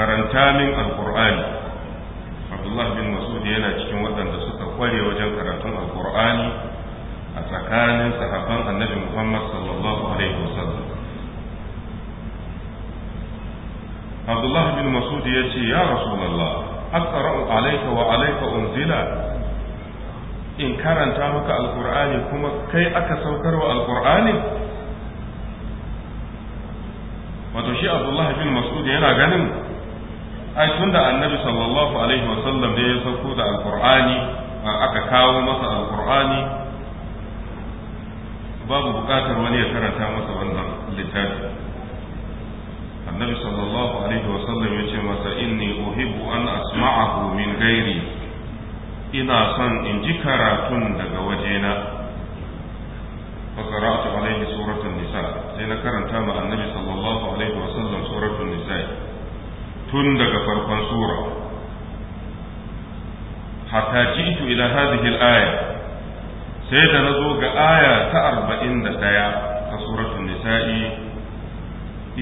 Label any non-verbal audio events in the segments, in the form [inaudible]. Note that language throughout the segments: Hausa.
karanta min alkur'ani abdullah bin masud yana cikin waɗanda suka kware wajen karatun alkur'ani a tsakanin sahabban annabi muhammad sallallahu alaihi wasallam abdullah bin masud ya ce ya rasulallah aqra'u alayka wa alayka unzila in karanta maka alkur'ani kuma kai aka saukar saukarwa alkur'ani wato shi abdullahi bin mas'ud yana ganin ai tun da annabi sallallahu alaihi wasallam da ya sauko da alkur'ani aka kawo masa alkur'ani babu bukatar wani ya karanta masa wannan littafi annabi sallallahu alaihi sallam ya ce masa inni uhibbu an asma'ahu min gairi ina son in ji karatun daga wajena fakara'atu alaihi suratul nisa sai na karanta ma annabi sallallahu alaihi wasallam suratul nisa tun daga farkon sura hatta jitu ila hadhihi al-aya sai da nazo ga aya ta 41 ta suratul nisa'i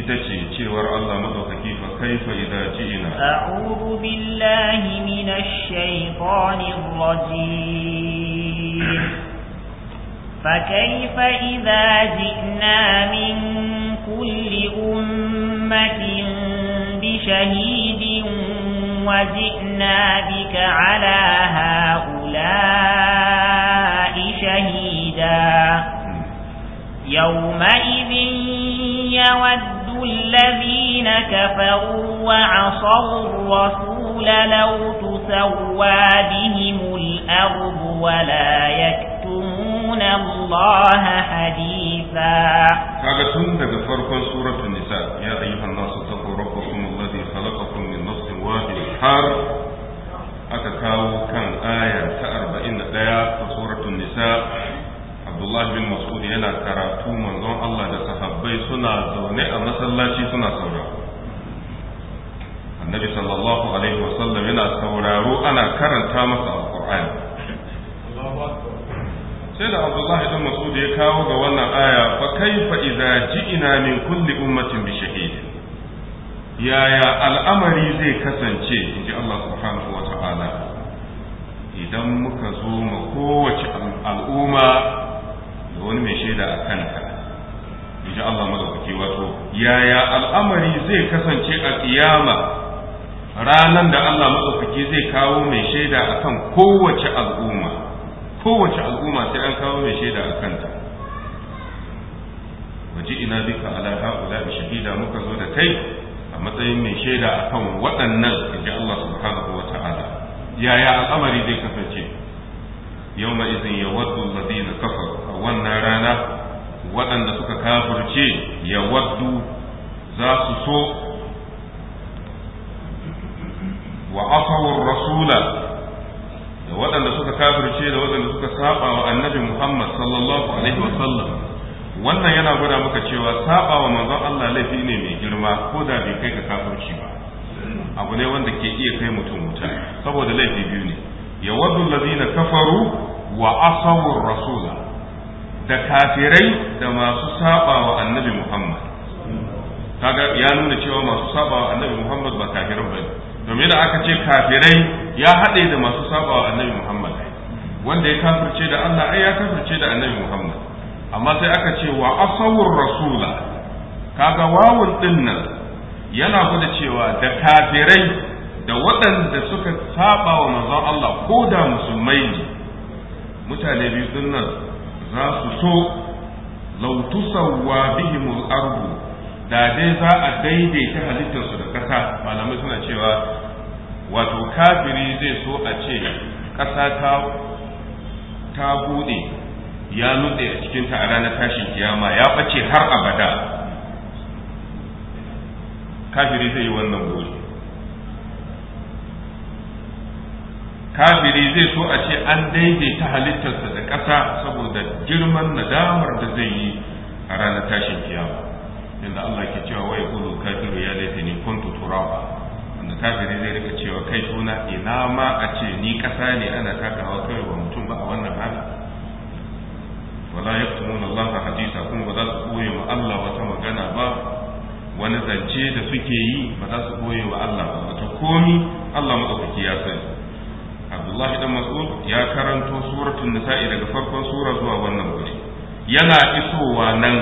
ita ce cewar Allah maɗaukaki fa kaifa idza ji'na a'udhu billahi minash shaitanir rajim فكيف إذا جئنا من كل أمة شهيد وجئنا بك على هؤلاء شهيدا يومئذ يود الذين كفروا وعصوا الرسول لو تسوى بهم الأرض ولا يكتمون الله حديثا هذا سنة فرق سورة النساء يا أيها الناس اتقوا ربكم har aka kawo kan aya ta arba'in da ɗaya a tsoratun nisa abdullahi bin mas'ud yana karatu manzon Allah da sahabbai suna zaune a masallaci suna saura annabi sallallahu alaihi wasallam yana sauraro ana karanta masa alqur'ani sai da abdullahi bin mas'ud ya kawo ga wannan aya fa kaifa idza ji'ina min kulli ummatin bi shahidin yaya al'amari zai kasance in ji Allah subhanahu wa ta'ala idan muka zo ma kowace al'umma da wani mai shaida a kanta in ji Allah madaukaki wato yaya al'amari zai kasance a kiyama ranan da Allah madaukaki zai kawo mai shaida a kan kowace al'umma kowace al'umma sai an kawo mai shaida a kanta waje ina bika ala ha'ula shahida muka zo da kai a matsayin mai shaida a kan waɗannan inji Allah subhanahu wa ta'ala yaya al'amari zai kasance Yau yawma izin ya yawaddu alladhina kafaru a wannan rana waɗanda suka kafirce yawaddu za su so wa asawar rasula da waɗanda suka kafirce da waɗanda suka saba wa annabi Muhammad sallallahu alaihi wa sallam wannan yana gwada maka cewa saba wa manzon Allah laifi ne mai girma ko da bai kai ka kafirci ba abu ne wanda ke iya kai mutum wuta saboda laifi biyu ne wadu allazina kafaru wa asabu rasula da kafirai da masu saba wa annabi Muhammad kaga ya nuna cewa masu saba wa annabi Muhammad ba kafirai ne. domin da aka ce kafirai ya haɗe da masu saba wa annabi Muhammad wanda ya kafirce da Allah ai ya kafirce da annabi Muhammad amma sai aka ce wa asawur rasula kaga wawun din yana gwada cewa da kafirai da waɗanda suka saba wa manzon Allah ko da musulmai ne mutane biyu din nan za su so lau tusawwa al ardu da dai za a daidaita halittarsu da ƙasa malamai suna cewa wato kafiri zai so a ce ƙasa ta ta buɗe ya nutse a cikinta a ranar tashin kiyama ya ɓace har abada kafiri zai yi wannan gori kafiri zai so a ce an daidaita halittarsa da ƙasa saboda girman nadamar da zai yi a ranar tashin kiyama inda Allah ke cewa wai kudu kafiru ya laifi ni kuntu turaba wanda kafiri zai rika cewa kai suna ina ma a ce ni ƙasa ne ana takawa kai wa mutum ba a wannan hana? wala yaktumuna Allah hadisa kuma ba za su koye wa Allah wata magana ba wani zance da suke yi ba za su koye wa Allah ba wato komi Allah madaukaki ya sani Abdullahi dan Mas'ud ya karanto suratul nisa'i daga farkon sura zuwa wannan guri yana isowa nan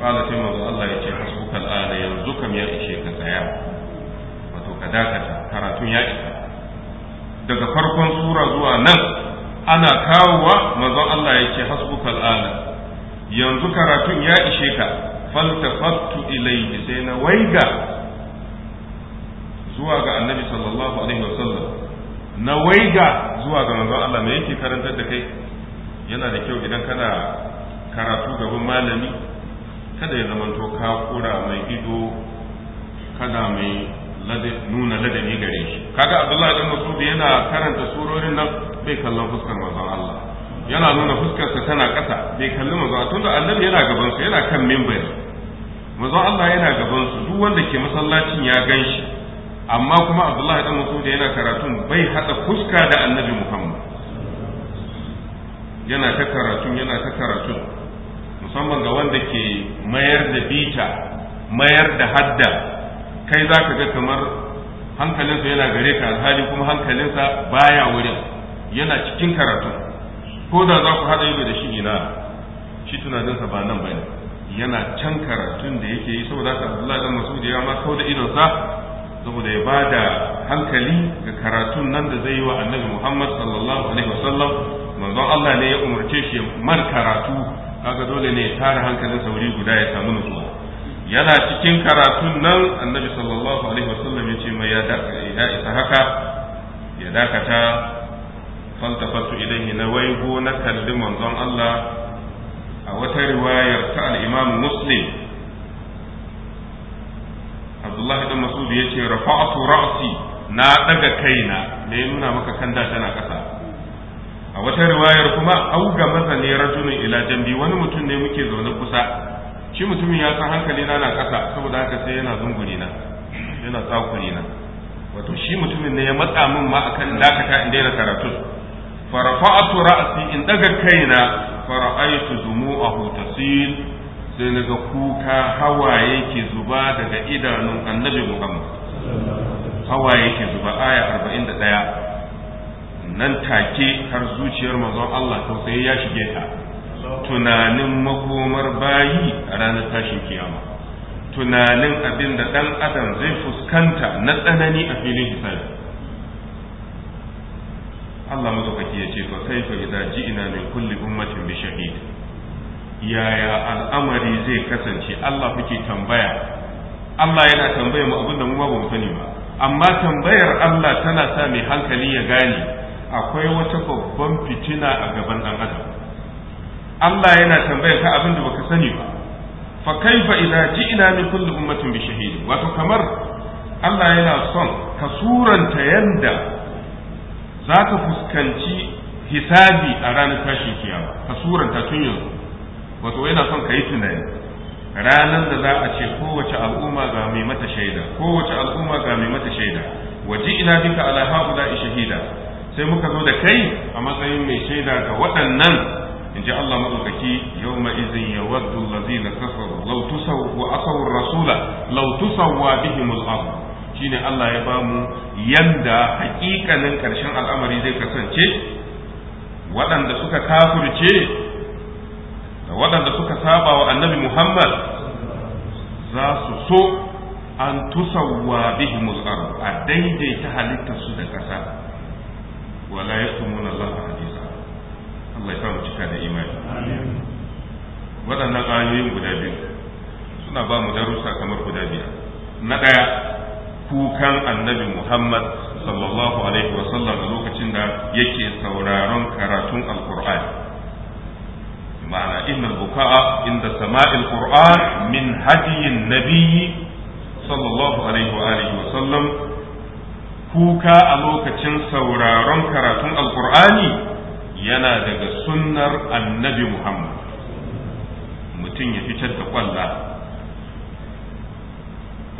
kala sai manzo Allah ya ce hasbuka al'ada yanzu kam ya ishe ka tsaya wato ka dakata karatun ya isa daga farkon sura zuwa nan ana kawowa manzon Allah yake hasbukal ala yanzu karatun ya ishe ka faltafattu ilayhi sai na waiga zuwa ga annabi sallallahu alaihi wasallam na waiga zuwa ga manzon Allah me yake karantar da kai yana da kyau idan kana karatu gaban malami kada ya zamanto ka kura mai ido kada mai nuna ladabi gare shi kaga abdullahi dan masud yana karanta surorin nan bai kallon fuskar manzon Allah yana nuna fuskarsa tana ƙasa bai kalli manzon Allah, tunda annabi yana gaban su yana kan mimbar manzon Allah yana gaban su duk wanda ke masallacin ya gan shi amma kuma Abdullahi dan Mas'ud yana karatun bai hada fuska da annabi Muhammad yana ta karatun yana ta karatun musamman ga wanda ke mayar da bita mayar da hadda kai zaka ga kamar hankalinsa yana gare ka alhali kuma hankalinsa baya wurin yana cikin karatu ko da za ku haɗa ido da shi ina shi tunaninsa ba nan bane yana can karatun da yake yi saboda haka Abdullahi dan Mas'ud ya ma kauda sa saboda ya ba da hankali ga karatun nan da zai yi wa Annabi Muhammad sallallahu alaihi wasallam manzon Allah ne ya umarce shi man karatu kaga dole ne ya tara hankalin sauri guda ya samu nutsuwa yana cikin karatun nan Annabi sallallahu alaihi wasallam ya ce mai ya isa haka ya dakata faltafatu ilaihi na waigo na kalli manzon Allah a wata riwayar ta al-Imam Muslim Abdullahi dan Mas'ud yace rafa'tu ra'si na daga kaina ne nuna maka kanda tana kasa a wata riwayar kuma auga maza ne rajulun ila jambi wani mutum ne muke zaune kusa shi mutumin ya san hankali na na kasa saboda haka sai yana zunguri yana tsakuri wato shi mutumin ne ya matsa min ma akan dakata in daina karatun farafa'atu ra'si in ɗaga kaina fara'aitu dumu'ahu tasil sai naga kuka hawaye ke zuba daga idanun annabi Muhammad hawaye ke zuba nan take har zuciyar manzon Allah tausayi ya shige ta tunanin makomar bayi ranar tashin kiyama tunanin abin da dan adam zai fuskanta na tsanani a filin hisabi Allah mazaukaki ya ce fa kaifa idza ina min kulli ummatin bi shahid yaya al'amari zai kasance Allah kuke tambaya Allah yana tambaya mu abinda mu ba mu sani ba amma tambayar Allah tana sa mai hankali ya gane akwai wata babban fitina a gaban dan adam Allah yana tambaya ka abinda baka sani ba fa kaifa idza ina min kulli ummatin bi shahid wato kamar Allah yana son ka yanda za ka fuskanci hisabi a ranar tashin kiyama ka suranta tun yanzu wato yana son ka yi tunani ranar da za a ce kowace al'umma ga mai mata shaida kowace al'umma ga mai mata shaida waje ina bika ala shahida sai muka zo da kai a matsayin mai shaida ga waɗannan in ji Allah maɗaukaki yau izin ya lazi lazina kafaru lau wa asawar rasula lau wa bihimul abu shine Allah ya ba mu yanda hakikanin ƙarshen al'amari zai kasance waɗanda suka kafurce da waɗanda suka saba wa annabi Muhammad za su so an tusawwa bihi musar a daidaita halittar su da ƙasa wala ya yaktumuna Allah hadisa Allah ya samu cika da imani waɗannan ayoyin guda biyu suna ba mu darussa kamar guda biyar na ɗaya kukan annabi Muhammad sallallahu alaihi wasallam a lokacin da yake sauraron karatun alkur'ani ma'ana inna buka'a inda sama'il qur'an min hadiyin nabiyyi sallallahu alaihi wa sallam kuka a lokacin sauraron karatun alkur'ani yana daga sunnar annabi Muhammad mutum ya fitar da ƙwalla.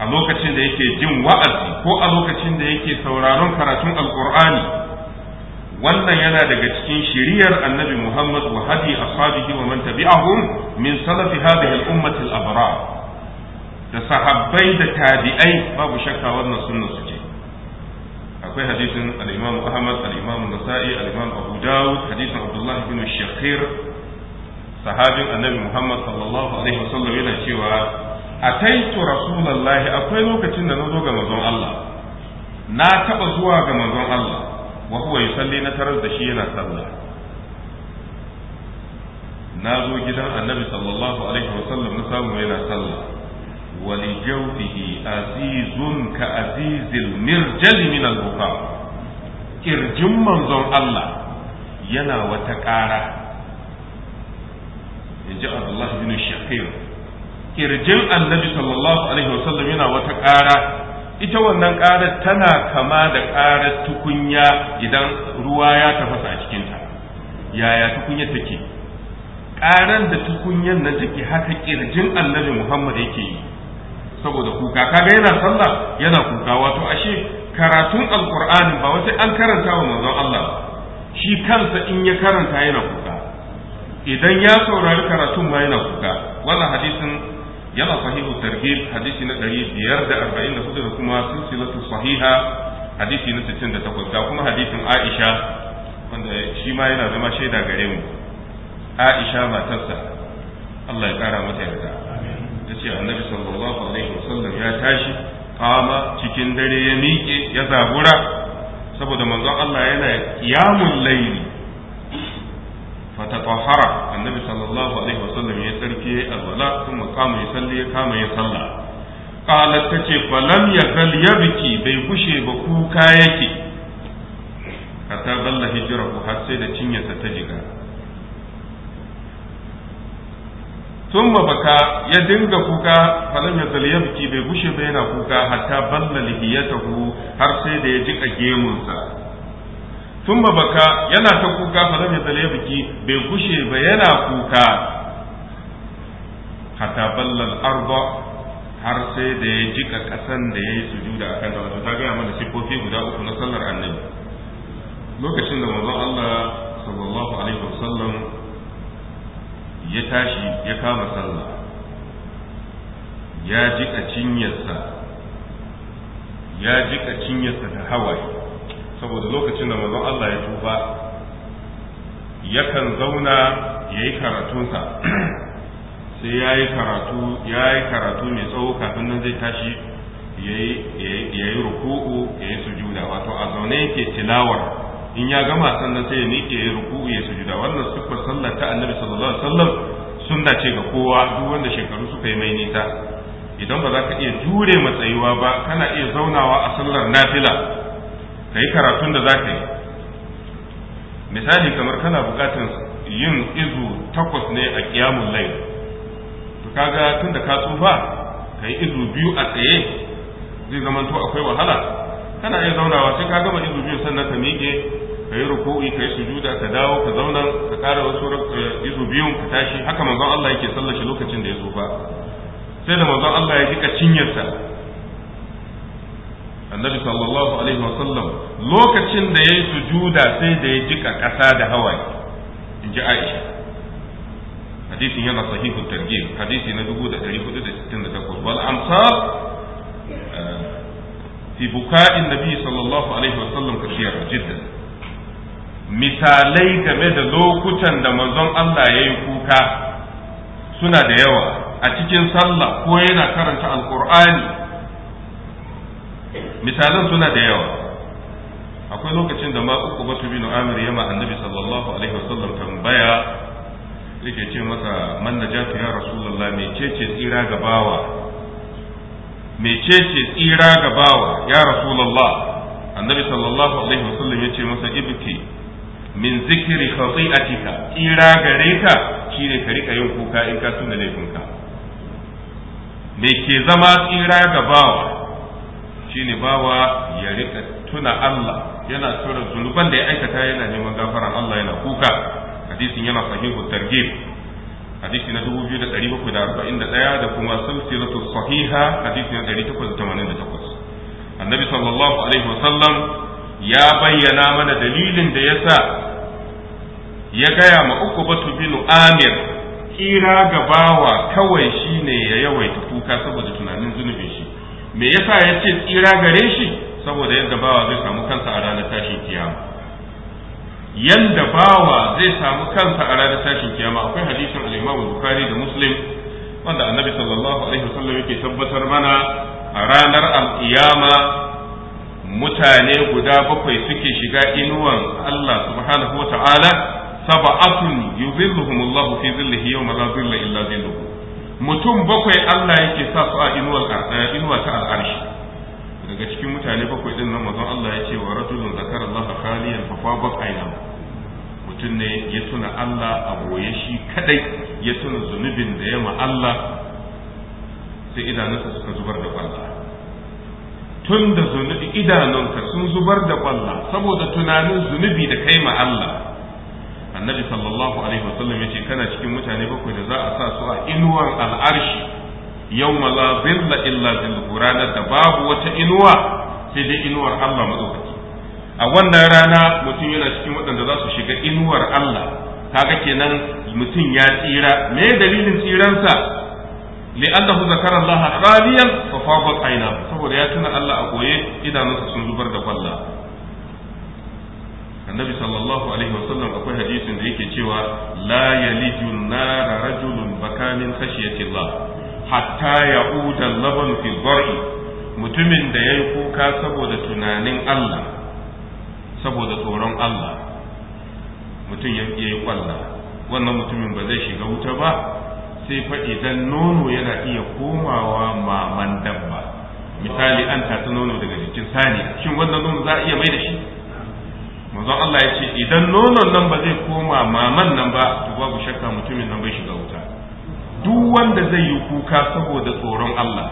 a lokacin da yake jin wa'azi ko a lokacin da yake sauraron karatun alkur'ani wannan yana daga cikin shiriyar annabi muhammad wa hadi ashabihi wa man tabi'ahum min salafi hadhihi al-ummati al da sahabbai da tabi'ai babu shakka wannan sunna su ce akwai hadisin al-imam ahmad al-imam nasa'i al-imam abu dawud hadisin abdullah bin shakir sahabin annabi muhammad sallallahu alaihi wasallam yana cewa ataitu rasulullahi akwai lokacin da na zo ga manzon Allah na taba zuwa ga manzon Allah wa huwa yusalli na tarar da shi yana sallah na zo gidan annabi sallallahu alaihi wa sallam na samu yana sallah wa li jawfihi azizun ka azizil mirjal min al kirjin manzon Allah yana wata ƙara in ji Abdullahi bin Shakir kirjin annabi sallallahu alaihi wasallam yana wata ƙara ita wannan ƙarar tana kama da ƙarar tukunya idan ruwa ya tafasa a cikinta yaya tukunya take ƙarar da tukunyan nan take haka kirjin annabi muhammad yake yi saboda kuka kaga yana sallah yana kuka wato ashe karatun Alƙur'ani ba wata an karanta wa manzon Allah shi kansa in ya karanta yana kuka idan ya saurari karatun ma yana kuka wannan hadisin yana sahihu targhib hadisi na 544 da kuma silsilatu sahiha hadisi na 68 ga kuma hadisin Aisha wanda shi ma yana zama shaida gare mu Aisha matarsa Allah ya kara mata yarda tace annabi sallallahu alaihi wasallam ya tashi kama cikin dare ya miƙe ya zabura saboda manzon Allah yana qiyamul layli fatatahara annabi sallallahu alaihi wasallam ya tsarki ya alwala kuma kama ya salli ya kama ya sallah qalat tace falam yazal yabki bai gushe ba kuka yake hatta balla hijrahu har sai da cinyarsa ta jiga thumma baka ya dinga kuka falam yazal yabki bai gushe ba yana kuka hatta balla lihiyatahu har sai da ya jiƙa gemunsa ba baka yana kuka fa zai تكوكا biki Bai kushe ba yana kuka. hatta ballal الأرض har sai da ya jika ƙasan da ya yi sujuda a kan wato ta gaya mana sifofi guda uku na sallar annabi lokacin da manzon Allah sallallahu alaihi wasallam ya tashi ya kama sallah ya jika cinyarsa ya jika cinyarsa da hawaye saboda lokacin da manzon Allah ya tuba yakan zauna ya yi karatunsa [clears throat] sai ya yi karatu ya karatu mai tsawo kafin nan zai tashi ya yi ruku'u ya yi sujuda wato a zaune yake tilawar in ya gama sannan sai ya miƙe ya yi ruku'u ya sujuda wannan siffar sallar ta annabi sallallahu alaihi wasallam sunna ce ga kowa duk wanda shekaru suka yi mai nisa idan ba za ka iya jure matsayuwa ba kana iya zaunawa a sallar nafila ka yi karatun da za ka yi misali kamar kana bukatar yin izu takwas ne a kiyamun lai to kaga tun da ka tsufa ka yi izu biyu a tsaye zai zama to akwai wahala kana iya zaunawa sai ka gama izu biyu sannan ka miƙe ka yi ruku'i ka yi sujuda ka dawo ka zauna ka kara wasu eh, izu biyu ka tashi haka manzon Allah yake sallashi lokacin da ya tsufa sai da manzon Allah ya jika cinyarsa annabi sallallahu alaihi wasallam lokacin da ya yi sujuda sai da ya jika ƙasa da hawa in ji aisha hadisi yana sahihu tarjim hadisi na 1468 wal amsar eh, fi buka'in nabi sallallahu alaihi wasallam kashiyar jiddan misalai game da lokutan da manzon Allah ya yi kuka suna da yawa a cikin sallah ko yana karanta alkur'ani misalan suna da yawa akwai lokacin da ma uku batu bin amir ya ma annabi sallallahu alaihi wasallam tambaya yake ce masa man najatu ya rasulullah ce tsira ga bawa ce tsira ga bawa ya rasulullah annabi sallallahu alaihi wasallam ya ce masa ibki min zikiri khati'atika tsira gare ka shine ka rika yin kuka in ka tuna laifinka me ke zama tsira ga bawa shine bawa ya rika tuna Allah yana tura zunuban da ya aikata yana neman gafaran Allah yana kuka hadisin yana sahihu targhib hadisi na 2741 da kuma silsilatu sahiha hadisi na takwas. annabi sallallahu alaihi wasallam ya bayyana mana dalilin da ya sa ya gaya ma uku batu binu amir kira ga bawa kawai shine ya yawaita kuka saboda tunanin zunubin shi me yasa ya ce tsira gare shi saboda yadda bawa zai samu kansa a ranar tashin kiyama yadda bawa zai samu kansa a ranar tashin kiyama akwai hadisin al-Imam Bukhari da Muslim wanda Annabi sallallahu alaihi wasallam yake tabbatar mana a ranar al-kiyama mutane guda bakwai suke shiga inuwan Allah subhanahu wa ta'ala saba'atun yuzilluhumullahu fi zillihi yawma la zilla illa zilluhu mutum bakwai Allah yake sa su a eh, inuwa ta al'arshi daga cikin mutane bakwai din nan mazan Allah ya ce wa rajulun zakar Allah kaliyar fafa bakwai nan mutum ne ya tuna Allah a boye shi kadai ya tuna zunubin da ya ma Allah sai idanunsa suka zubar da kwalla tun da zunubi idanunka sun zubar da kwalla saboda tunanin zunubi da kai ma Allah annabi sallallahu alaihi wasallam yace kana cikin mutane bakwai da za a sa su a inuwar al'arshi Yau la zilla illa zilluhu ranar da babu wata inuwa sai dai inuwar Allah madaukaki a wannan rana mutum yana cikin waɗanda za su shiga inuwar Allah kaga kenan mutum ya tsira me dalilin tsiransa li'annahu zakara Allah khaliyan fa fadat saboda ya tuna Allah a koye idanunsa sun zubar da kwalla annabi sallallahu alaihi wasallam akwai hadisin da yake cewa la yaliju nara rajulun bakamin hatta ya'uda laban fi dhar'i mutumin da yayi kuka saboda tunanin Allah saboda tsoron Allah mutum ya yi kwalla wannan mutumin ba zai shiga wuta ba sai fa idan nono yana iya komawa maman dabba misali an tata nono daga jikin sani shin wannan nono za a iya mai da shi manzon Allah ya ce idan nonon nan ba zai koma maman nan ba to babu shakka mutumin nan bai shiga wuta duk wanda zai yi kuka saboda tsoron Allah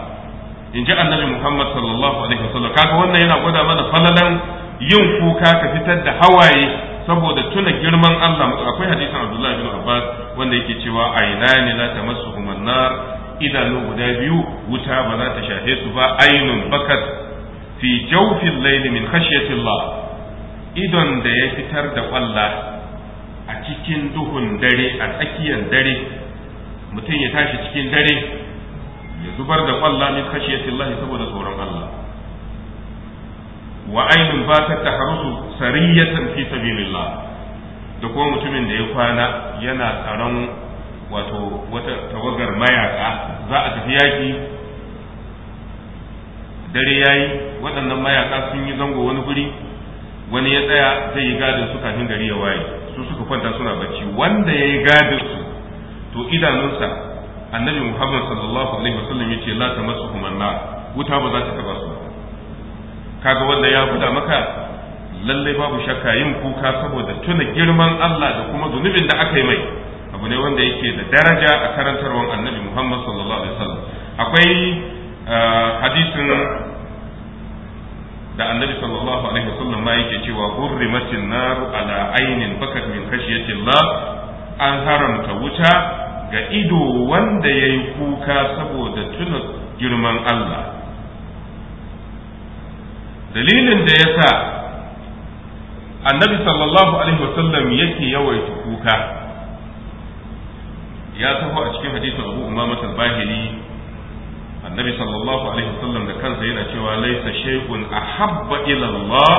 in ji annabi Muhammad sallallahu alaihi wasallam kaga wannan yana gwada mana falalan yin kuka ka fitar da hawaye saboda tuna girman Allah akwai hadisin Abdullah bin Abbas wanda yake cewa ainani la tamassuhum an-nar idanu guda biyu wuta ba za ta shafe su ba ainun bakat fi jawfil layli min Allah idon da ya fitar da kwalla a cikin duhun dare a tsakiyar dare mutum ya tashi cikin dare ya zubar da kwalla min khashiyatillahi saboda tsoron Allah wa ainun ba ta taharusu sariyatan fi sabilillah da kuma mutumin da ya kwana yana tsaron wato wata tawagar mayaka za a tafi yaki dare yayi waɗannan mayaka sun yi zango wani guri wani ya tsaya zai yi gadin su kafin gari ya waye su suka kwanta suna bacci wanda ya yi gadin su to idanunsa annabi muhammad sallallahu alaihi wasallam ya ce la ta masu kumanna wuta ba za ta taba su kaga wanda ya guda maka lallai babu shakka yin kuka saboda tuna girman Allah da kuma zunubin da aka yi mai abu ne wanda yake da daraja a karantarwar annabi muhammad sallallahu alaihi wasallam akwai eh, hadisin da annabi sallallahu alaihi wasallam ma yake cewa hurrimatin nar ala ainin fakat min khashiyatillah an haramta wuta ga ido wanda yayi kuka saboda tuna girman Allah dalilin da yasa annabi sallallahu alaihi wasallam yake yawaita kuka ya taho a cikin hadisin Abu Umama al-Bahili annabi sallallahu alaihi wasallam da kansa yana cewa laisa shay'un ahabba ila Allah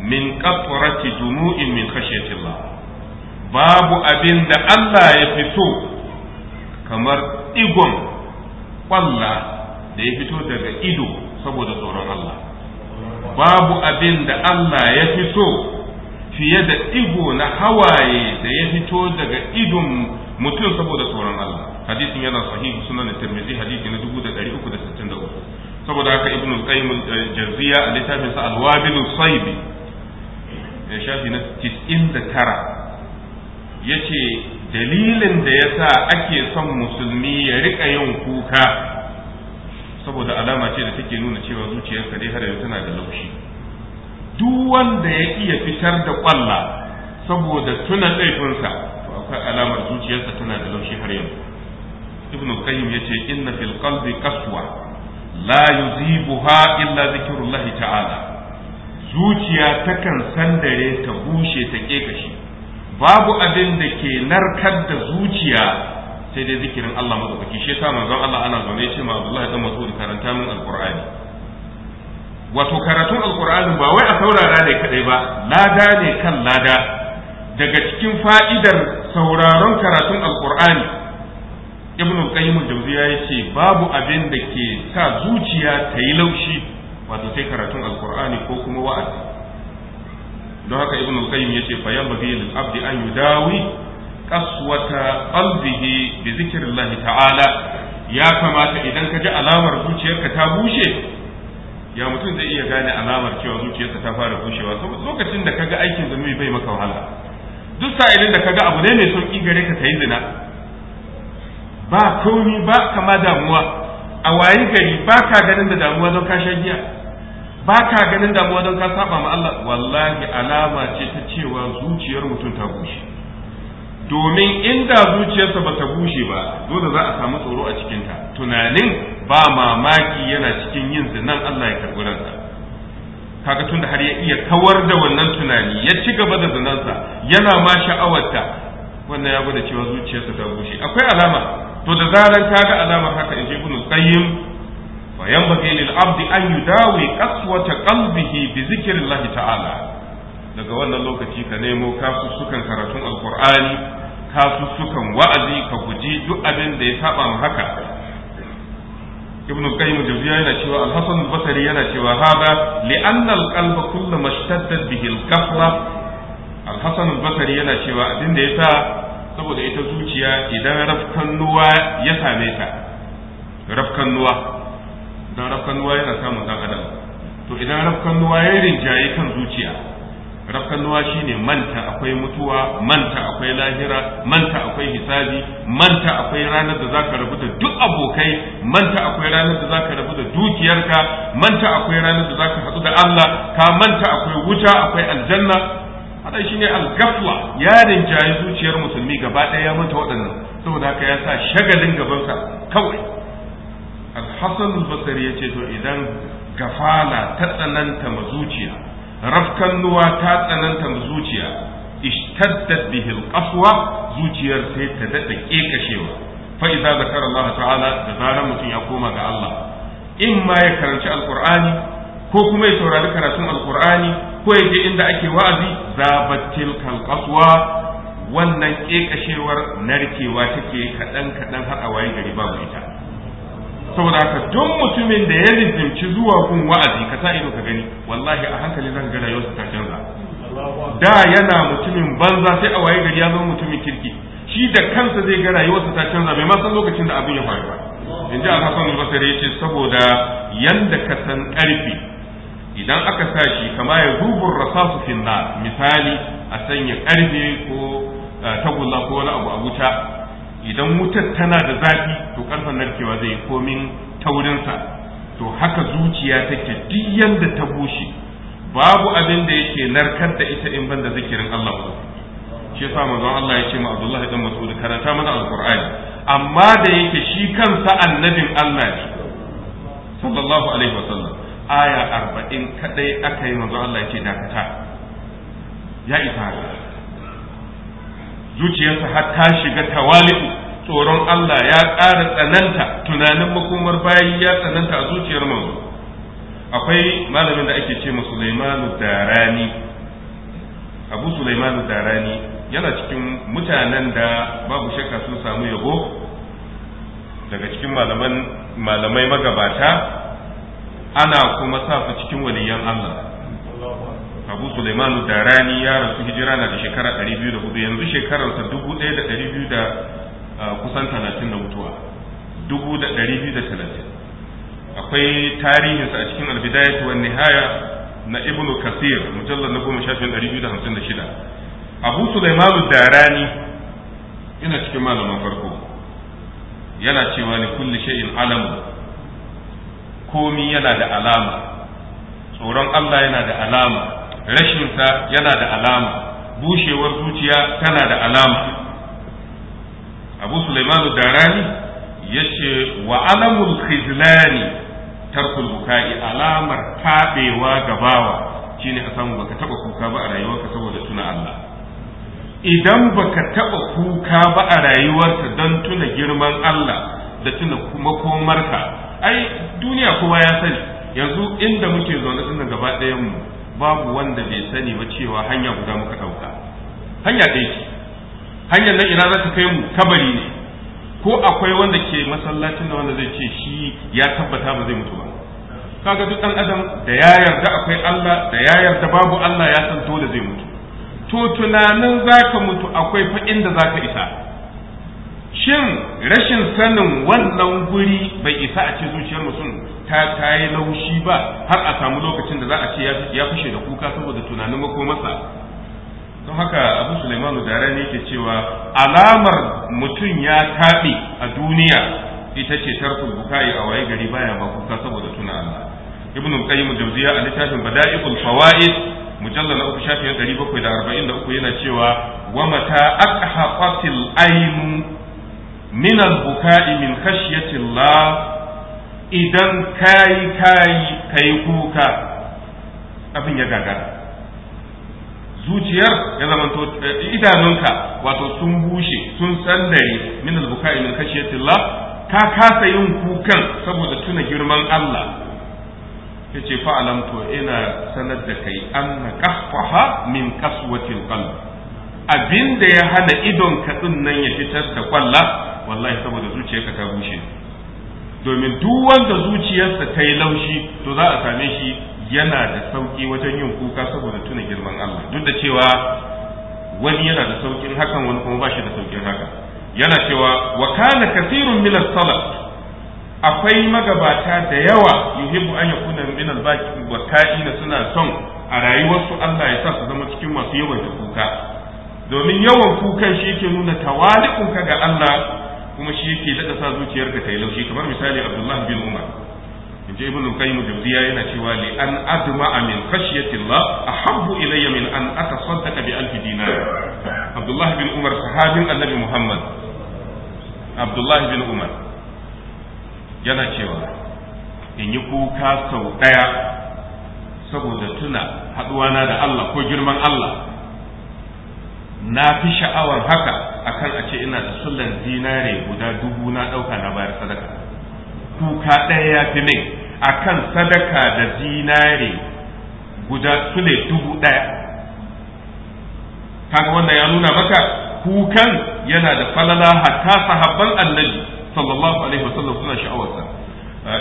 min qatrati dumu'in min Allah babu abin da Allah ya fito kamar igon kwalla da ya fito daga ido saboda tsoron Allah babu abin da Allah ya fito fiye da igo na hawaye da ya fito daga idon mutum saboda tsoron Allah hadisin yana sahihu sunan tirmidhi hadisi na uku, saboda haka ibn al-qayyim al a littafin sa al-wabil saybi ya shafi na 99 yace dalilin da yasa ake son musulmi ya rika yin kuka saboda alama ce da take nuna cewa zuciyarsa dai har yanzu tana da laushi duk wanda ya iya fitar da kwalla saboda tuna tsaifinsa. akwai alamar zuciyarsa tana da laushi har yanzu ibn qayyim yace inna fil qalbi qaswa la yuzibuha illa zikrullahi ta'ala zuciya takan sandare ta bushe ta kekashi babu abin da ke narkar da zuciya sai dai zikirin Allah madaukaki shi yasa manzon Allah ana zaune ce ma Abdullahi dan Mas'ud karanta min alqur'ani wato karatun alqur'ani ba wai a saurara ne kadai ba lada ne kan lada daga cikin fa'idar sauraron karatun alkur'ani ibn qayyim al-jawziya yace babu abin da ke sa zuciya ta yi laushi wato sai karatun alkur'ani ko kuma wa'azi don haka ibn al-qayyim yace fa yanbaghi lil abdi an yudawi qaswata qalbihi bi zikrillahi ta'ala ya kamata idan ka ji alamar zuciyarka ta bushe ya mutum zai iya gane alamar cewa zuciyarsa ta fara bushewa saboda lokacin da kaga aikin zunubi bai maka wahala duk sa'ilin da kaga abu ne mai sauki gare ka ta yi zina ba komi ba kama damuwa a wayi gari ba ka ganin da damuwa don ka giya ba ka ganin damuwa don ka saba ma Allah wallahi alama ce ta cewa zuciyar mutum ta bushe domin inda zuciyarsa ba ta bushe ba dole za a samu tsoro a cikinta tunanin ba mamaki yana cikin yin zinan Allah ya karɓi ransa kaga tunda har ya iya kawar da wannan tunani ya ci gaba da zanansa yana ma sha'awarta wannan ya gwada cewa zuciyarsa ta bushe akwai alama to da zaran ga alamar haka in ji kunu qayyim fa yanbaghi lil abdi an yudawi qaswata qalbihi bi zikirillahi ta'ala daga wannan lokaci ka nemo kasussukan karatun alqur'ani kasussukan wa'azi ka guji duk abin da ya saba ma haka ibn al-qayyim jawziya yana cewa al-hasan al-basri yana cewa hada li'anna al-qalba kullu mashtaddat bihi al-kafra al-hasan al-basri yana cewa abin da yasa saboda ita zuciya idan rafkan rafkannuwa ya same ta Rafkan rafkannuwa dan rafkannuwa yana samun dan adam to idan rafkan rafkannuwa ya rinjaye kan zuciya rafkanuwa shine manta akwai mutuwa manta akwai lahira manta akwai hisabi manta akwai ranar da zaka rabu da duk abokai manta akwai ranar da zaka rabu da dukiyarka manta akwai ranar da zaka haɗu da Allah ka manta akwai wuta akwai aljanna hada shine algafla ya jayi zuciyar musulmi gaba ɗaya ya manta waɗannan saboda haka ya sa shagalin gabansa kawai alhassan basari ya ce to idan gafala ta tsananta ma zuciya rafkannuwa ta tsananta zuciya ishtaddat bihi alqaswa zuciyar sai ta dada kekashewa fa idza zakara Allah ta'ala da zaran mutum ya koma ga Allah in ma ya karanci alqur'ani ko kuma ya saurari karatun alqur'ani ko ya je inda ake wa'azi zabatil kalqaswa wannan kekashewar narkewa take kadan kadan har waye gari babu ita saboda haka duk mutumin da ya lizimci zuwa kun wa'azi ka sa ido ka gani wallahi a hankali zan ga yau ta canza da yana mutumin banza sai a waye gari ya zama mutumin kirki shi da kansa zai ga yau ta canza bai ma san lokacin da abin ya faru ba in ji alhassan basar ya ce saboda yanda ka san karfi idan aka sa shi kama ya rubur rasasu finna misali a sanya karfe ko eh, tagulla ko wani abu a wuta idan wutar tana da zafi to karfan narkewa zai komin taurinsa to haka zuciya take duk yanda ta bushe babu abin da yake narkar da ita in banda zikirin Allah shi yasa manzon Allah ya ce ma Abdullahi ibn Mas'ud karanta mana alqur'ani amma da yake shi kansa annabin Allah ne sallallahu alaihi wasallam aya 40 kadai aka yi manzon Allah ya ce dakata ya isa zuciyarsa har ta shiga tawali'u tsoron Allah ya ƙara tsananta tunanin makomar bayi ya tsananta a zuciyar manzo akwai malamin da ake ce ma Sulaimanu Darani Abu Sulaimanu Darani yana cikin mutanen da babu shakka sun samu yabo daga cikin malamai magabata ana kuma safa cikin waliyan Allah abu suleiman darani ya rasu hijira na da shekara 204 yanzu shekararsa 1200 da ah, kusan 30 da mutuwa 1230 akwai tarihinsa a cikin albidayat wa nihaya na ibnu kasir mujallar na goma shafin 256 abu suleiman darani ina cikin malaman farko yana cewa ne kulli shay'in alamu komi yana da alama tsoron Allah yana da alama rashinsa yana da alama bushewar zuciya tana da alama abu sulaimanu darani ya ce wa alamul khizlani tarkul bukai alamar taɓewa gabawa shine a samu baka taɓa kuka ba a rayuwarka saboda tuna Allah idan baka taɓa kuka ba a rayuwarka don tuna girman Allah da tuna kuma komarka, ai duniya kowa ya sani yanzu inda muke zaune tunan gaba ɗayan mu babu wanda bai sani ba cewa hanya guda muka ɗauka hanya ɗaya ce hanyar nan ina za ta kai mu kabari ne ko akwai wanda ke masallacin da wanda zai ce shi ya tabbata ba zai mutu ba kaga duk ɗan adam da ya yarda akwai Allah da ya yarda babu Allah ya san dole zai mutu to tunanin zaka mutu akwai fa inda zaka isa shin rashin sanin wannan guri bai isa a ce zuciyar musulmi ta yi laushi ba har a samu lokacin da za a ce ya fushe da kuka saboda tunanin mako masa? don haka abu sulaimanu dare ne ke cewa alamar mutum ya taɓe a duniya ita ce tarkul bukai a waye gari baya ma kuka saboda tuna Allah ibnu qayyim jawziya a littafin bada'iqul fawaid mujallal na uku shafin 743 yana cewa wa mata aqhaqatil aynu min al-bukai min khashyati Allah idan kayi kayi kayi kuka abin ya gagara zuciyar ya zama eh, idanunka wato sun bushe sun sandare min albukai min kashiyatillah ka kasa yin kukan saboda tuna girman Allah yace fa alam to ina sanar da kai anna qahfaha min qaswatil qalbi abin da ya hana idon ka nan ya fitar da kwalla wallahi saboda zuciyarka ta bushe domin duk wanda zuciyarsa ta yi laushi to za a same shi yana da sauƙi wajen yin kuka saboda tuna girman Allah duk da cewa wani yana da saukin hakan wani kuma ba shi da saukin haka yana cewa wa kana kathirun min as-salat akwai magabata da yawa yuhibbu an yakuna min al-baqi wa ka'ina suna son a rayuwarsu Allah ya sa su zama cikin masu yawan kuka domin yawan kukan shi yake nuna tawali'unka ga Allah kuma shi yake daɗa sa zuciyarka ta yi laushi kamar misali abdullah bin umar in ji ibn qayyim jawziya yana cewa li an adma min khashyati ahabbu ilayya min an atasaddaqa bi alf dinar abdullah bin umar sahabin annabi muhammad abdullah bin umar yana cewa in yi kuka sau daya saboda tuna haɗuwana da allah ko girman allah na fi sha'awar haka akan a ce ina da sullan dinare guda dubu na ɗauka na bayar sadaka kuka ɗaya ya fi min kan sadaka da dinare guda sule dubu ɗaya kaga wannan ya nuna maka kukan yana da falala hatta sahabban annabi sallallahu alaihi wasallam suna sha'awarsa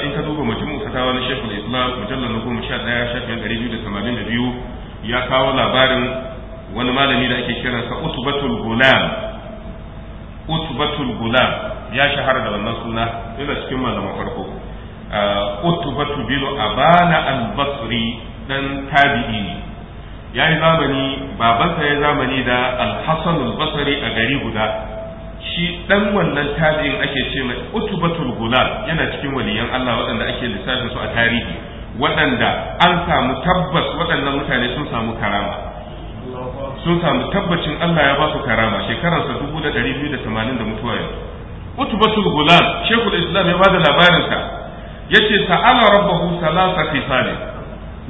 in ka duba mutumin fatawa na shekul islam mujallal na goma sha ɗaya shafin ɗari biyu da da biyu ya kawo labarin wani malami da ake kiransa utbatul gulam utbatul gulam ya shahara da wannan suna yana cikin malama farko uh, utbatu a abana al-basri dan tabi'i ne ya yi zamani babansa ya zamani da al-hasan a gari guda shi dan wannan tabi'in ake ce mai utbatul gulam yana cikin waliyan Allah waɗanda ake lissafin su a tarihi waɗanda an samu tabbas waɗannan mutane sun samu karama sun samu tabbacin Allah ya ba su karama shekararsa dubu da ɗari biyu da tamanin da mutuwa yanzu utubatul gulam shekul islam ya bada labarinsa ya ce sa'ala rabbahu salasa fisali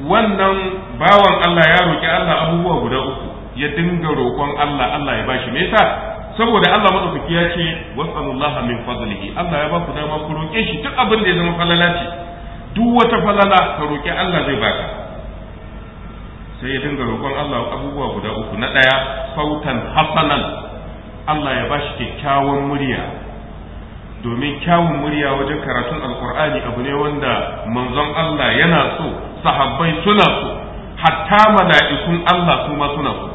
wannan bawan Allah ya roƙi Allah abubuwa guda uku ya dinga roƙon Allah Allah ya bashi me yasa saboda Allah madaukaki ya ce wasanullaha min fadlihi Allah ya ba ku dama ku roƙe shi duk abin da ya zama falala ce duk wata falala ka roƙi Allah zai baka sai ya dinga roƙon Allah abubuwa guda uku na ɗaya sautan hasanan Allah ya bashi kyakkyawan murya domin kyawun murya wajen karatun alkur'ani abu ne wanda manzon Allah yana so sahabbai suna so hatta mala'ikun Allah su ma suna so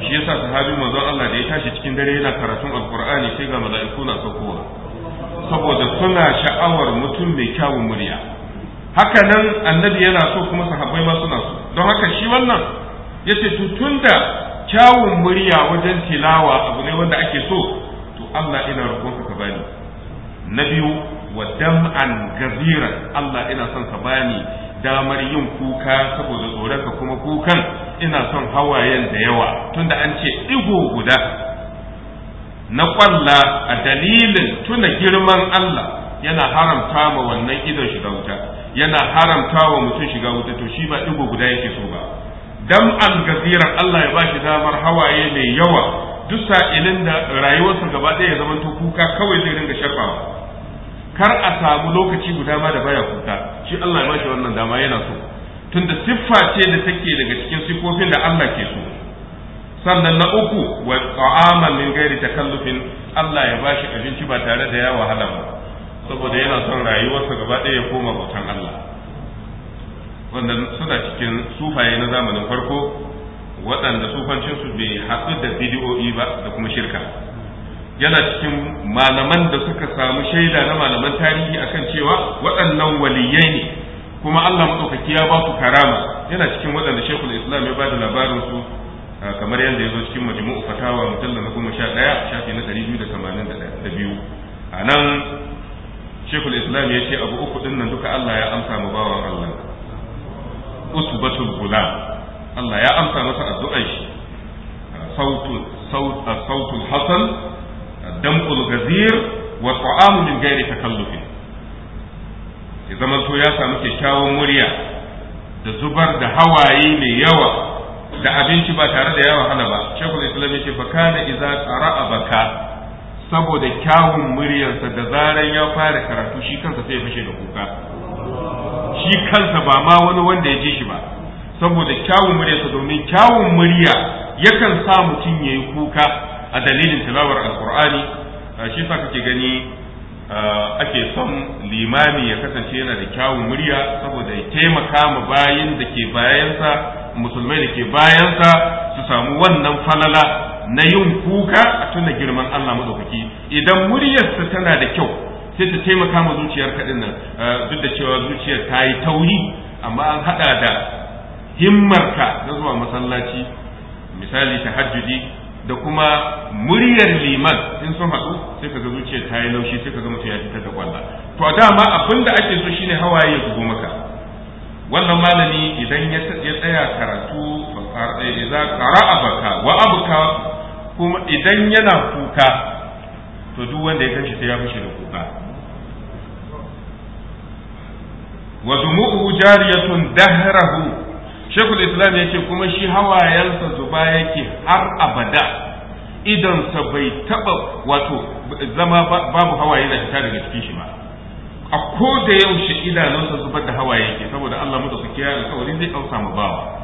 shi yasa sahabi manzon Allah da ya tashi cikin dare yana karatun alkur'ani sai ga mala'iku na saukowa saboda suna sha'awar mutum mai kyawun murya haka nan annabi yana so kuma sahabbai ma suna so don haka shi wannan yace to tunda kyawun murya wajen tilawa abu ne wanda ake so to Allah ina roƙonka ka bani na biyu wa dam'an gazira Allah ina son ka bani damar yin kuka saboda ka kuma kukan ina son hawayen da yawa tunda an ce digo guda na kwalla a dalilin tuna girman Allah yana haramta ma wannan idon shi da wuta yana haramta wa mutum shiga wuta to shi ba ɗigo guda yake so ba dam al gaziran Allah ya bashi damar hawaye mai yawa duk sa'ilin da rayuwarsa gaba ɗaya ya zama to kuka kawai zai dinga shafawa kar a samu lokaci guda ma da baya kuka shi Allah ya bashi wannan dama yana so tunda siffa ce da take daga cikin siffofin da Allah ke so sannan na uku wa ta'aman min ghairi takallufin Allah ya bashi abinci ba tare da ya wahala ba saboda yana son rayuwarsa gaba ɗaya ya koma bautan Allah wanda suna cikin sufaye na zamanin farko waɗanda sufancinsu bai haɗu da bidiyo'i ba da kuma shirka yana cikin malaman da suka samu shaida na malaman tarihi akan cewa waɗannan waliyai ne kuma Allah maɗaukaki ya ba su karama yana cikin waɗanda shekul islam ya ba da su kamar yadda ya zo cikin majmu'u fatawa mujallar na goma sha ɗaya shafi na ɗari biyu da da biyu a nan shekul islam ya ce abu uku dinnan duka Allah ya amsa mu bawan Allah usbatul gulam Allah ya amsa masa addu'ar shi sautul saut sautul hasan dam'ul gazir wa ta'amu min ghairi takallufi ya zama to ya samu kyakkyawan murya da zubar da hawaye mai yawa da abinci ba tare da yawa hana ba shekul islam ya ce fa kana idza qara'a baka saboda kyawun muryarsa da zaran ya fara karatu shi kansa sai ya fashe da kuka shi kansa ba ma wani wanda ya ji shi ba saboda kyawun muryarsa domin kyawun murya yakan sa mutum ya yi kuka a dalilin tilawar alkur'ani shi sa kake gani ake son limami ya kasance yana da kyawun murya saboda ya taimaka ma bayan da ke bayansa musulmai da ke bayansa su samu wannan falala na yin kuka a tuna girman Allah madaukaki idan muryarsa tana da kyau sai ta taimaka ma zuciyar kaɗin nan eh, duk da cewa zuciyar ta yi tauri amma an haɗa da himmarka na zuwa masallaci misali ta tahajjudi da kuma muryar liman in sun haɗu sai kaga zuciyar ta yi laushi sai kaga mutum ya fitar da kwalla to a dama abin da ake so shine hawaye ya zubo maka wannan malami idan ya tsaya karatu fa a eh, baka wa abuka kuma idan yana kuka to duk wanda ya ganshi sai ya bushe da kuka wa dumu'uhu jariyatun dahrahu shekul islam yace kuma shi hawayensa zuba yake har abada sa bai taba wato zama babu hawaye da fita daga cikin shi ba a ko da yaushe idanunsa zubar da hawaye yake saboda Allah mutu da su kiyaye alƙawarin zai kausa mu bawa